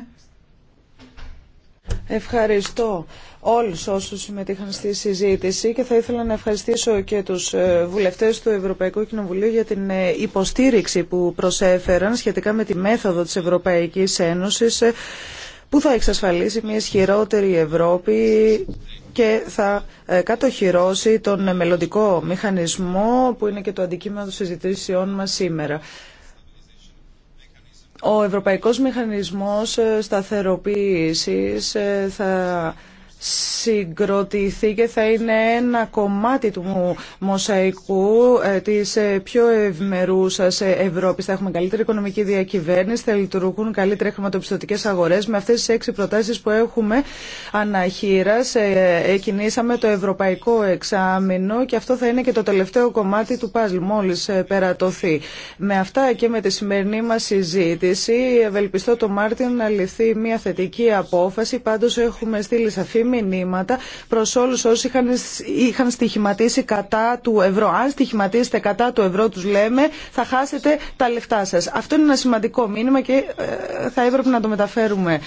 Ευχαριστώ όλους όσους συμμετείχαν στη συζήτηση και θα ήθελα να ευχαριστήσω και τους ε, βουλευτές του Ευρωπαϊκού Κοινοβουλίου για την ε, υποστήριξη που προσέφεραν σχετικά με τη μέθοδο της Ευρωπαϊκής Ένωσης ε, που θα εξασφαλίσει μια ισχυρότερη Ευρώπη και θα κατοχυρώσει τον μελλοντικό μηχανισμό που είναι και το αντικείμενο των συζητήσεών μας σήμερα. Ο Ευρωπαϊκός Μηχανισμός ε, Σταθεροποίησης ε, θα συγκροτηθεί και θα είναι ένα κομμάτι του μοσαϊκού ε, της ε, πιο ευμερούσας ε, Ευρώπης. Θα έχουμε καλύτερη οικονομική διακυβέρνηση, θα λειτουργούν καλύτερα χρηματοπιστωτικές αγορές. Με αυτές τις έξι προτάσεις που έχουμε αναχείρας εκινήσαμε το ευρωπαϊκό εξάμεινο και αυτό θα είναι και το τελευταίο κομμάτι του παζλ μόλις περατωθεί. Με αυτά και με τη σημερινή μας συζήτηση ευελπιστώ το Μάρτιν να ληφθεί μια θετική απόφαση. Πάντως έχουμε στείλει σαφή μηνύματα προ όλου όσου είχαν, είχαν στοιχηματίσει κατά του ευρώ. Αν στοιχηματίσετε κατά του ευρώ, του λέμε, θα χάσετε τα λεφτά σα. Αυτό είναι ένα σημαντικό μήνυμα και ε, θα έπρεπε να το μεταφέρουμε.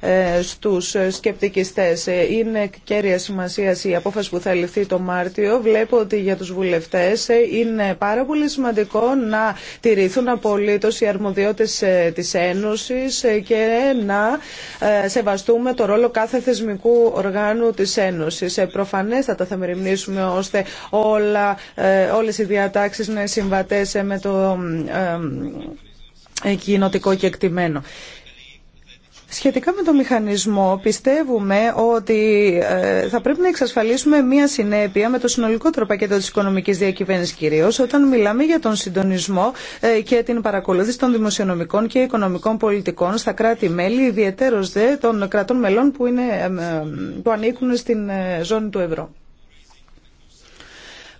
Ε, στους σκεπτικιστές. Είναι κέρια σημασία η απόφαση που θα ληφθεί το Μάρτιο. Βλέπω ότι για τους βουλευτές είναι πάρα πολύ σημαντικό να τηρηθούν απολύτως οι αρμοδιότητες ε, της Ένωσης και να ε, σεβαστούμε το ρόλο κάθε θεσμικού οργάνου της Ένωσης. Προφανέστατα θα μεριμνήσουμε ώστε όλα, όλες οι διατάξεις να είναι με το κοινοτικό κεκτημένο. Σχετικά με το μηχανισμό, πιστεύουμε ότι ε, θα πρέπει να εξασφαλίσουμε μία συνέπεια με το συνολικότερο πακέτο της οικονομικής διακυβέρνησης κυρίως όταν μιλάμε για τον συντονισμό ε, και την παρακολούθηση των δημοσιονομικών και οικονομικών πολιτικών στα κράτη-μέλη, ιδιαίτερως δε των κρατών μελών που, είναι, ε, που ανήκουν στην ζώνη του ευρώ.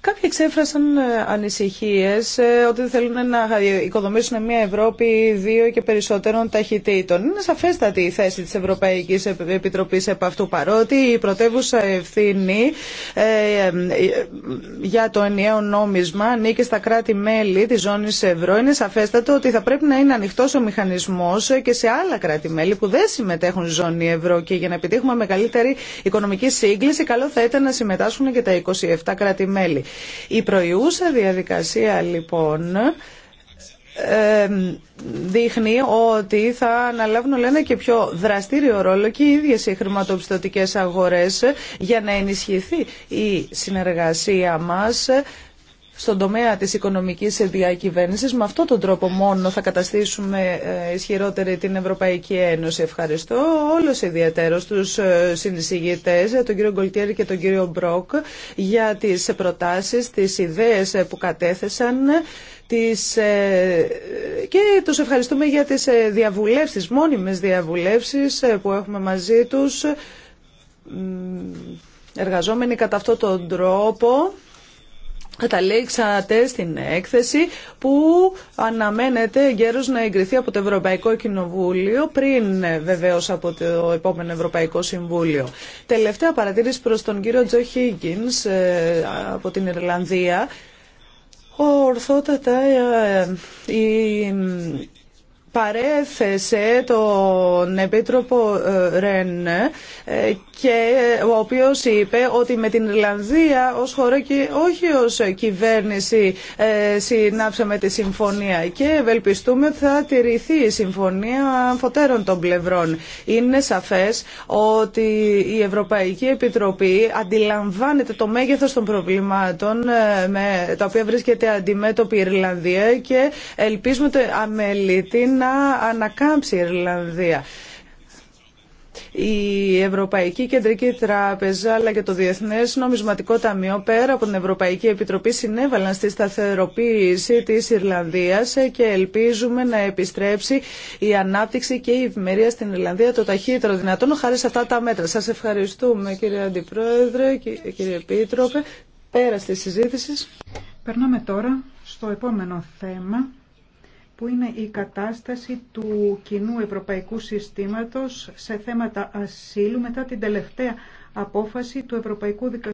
Κάποιοι εξέφρασαν ε, ανησυχίε ε, ότι θέλουν να οικοδομήσουν μια Ευρώπη δύο και περισσότερων ταχυτήτων. Είναι σαφέστατη η θέση τη Ευρωπαϊκή Επιτροπή επ' αυτού παρότι η πρωτεύουσα ευθύνη ε, για το ενιαίο νόμισμα ανήκει στα κράτη-μέλη τη ζώνη ευρώ. Είναι σαφέστατο ότι θα πρέπει να είναι ανοιχτό ο μηχανισμό και σε άλλα κράτη-μέλη που δεν συμμετέχουν στη ζώνη ευρώ και για να επιτύχουμε μεγαλύτερη οικονομική σύγκληση καλό θα ήταν να συμμετάσχουν και τα 27 κράτη-μέλη. Η προϊούσα διαδικασία λοιπόν δείχνει ότι θα αναλάβουν λένε και πιο δραστήριο ρόλο και οι ίδιες οι χρηματοπιστωτικές αγορές για να ενισχυθεί η συνεργασία μας στον τομέα της οικονομικής διακυβέρνησης. Με αυτόν τον τρόπο μόνο θα καταστήσουμε ε, ισχυρότερη την Ευρωπαϊκή Ένωση. Ευχαριστώ όλους ιδιαίτερους τους ε, συνεισηγητές, ε, τον κύριο Γκολτιέρη και τον κύριο Μπρόκ, για τις προτάσεις, τις ιδέες που κατέθεσαν τις, και τους ευχαριστούμε για τις διαβουλεύσεις, μόνιμες διαβουλεύσεις που έχουμε μαζί τους εργαζόμενοι κατά αυτόν τον τρόπο Καταλήξατε στην έκθεση που αναμένεται γέρος να εγκριθεί από το Ευρωπαϊκό Κοινοβούλιο πριν ε, βεβαίως από το επόμενο Ευρωπαϊκό Συμβούλιο. Τελευταία παρατήρηση προς τον κύριο Τζο Χίγκινς ε, από την Ιρλανδία. Ορθότατα ε, η παρέθεσε τον Επίτροπο ε, Ρεν ε, και ο οποίος είπε ότι με την Ιρλανδία ως χώρα και όχι ως κυβέρνηση ε, συνάψαμε τη συμφωνία και ευελπιστούμε ότι θα τηρηθεί η συμφωνία φωτέρων των πλευρών. Είναι σαφές ότι η Ευρωπαϊκή Επιτροπή αντιλαμβάνεται το μέγεθος των προβλημάτων με τα οποία βρίσκεται αντιμέτωπη η Ιρλανδία και ελπίζουμε αμελητή να ανακάμψει η Ιρλανδία. Η Ευρωπαϊκή Κεντρική Τράπεζα αλλά και το Διεθνές Νομισματικό Ταμείο πέρα από την Ευρωπαϊκή Επιτροπή συνέβαλαν στη σταθεροποίηση της Ιρλανδίας και ελπίζουμε να επιστρέψει η ανάπτυξη και η ευημερία στην Ιρλανδία το ταχύτερο δυνατόν χάρη σε αυτά τα μέτρα. Σας ευχαριστούμε κύριε Αντιπρόεδρε,
κύριε Επίτροπε. Πέρα στη συζήτηση. Περνάμε τώρα στο επόμενο θέμα που είναι η κατάσταση του κοινού ευρωπαϊκού συστήματος σε θέματα ασύλου μετά την τελευταία απόφαση του Ευρωπαϊκού
Δικαστηρίου.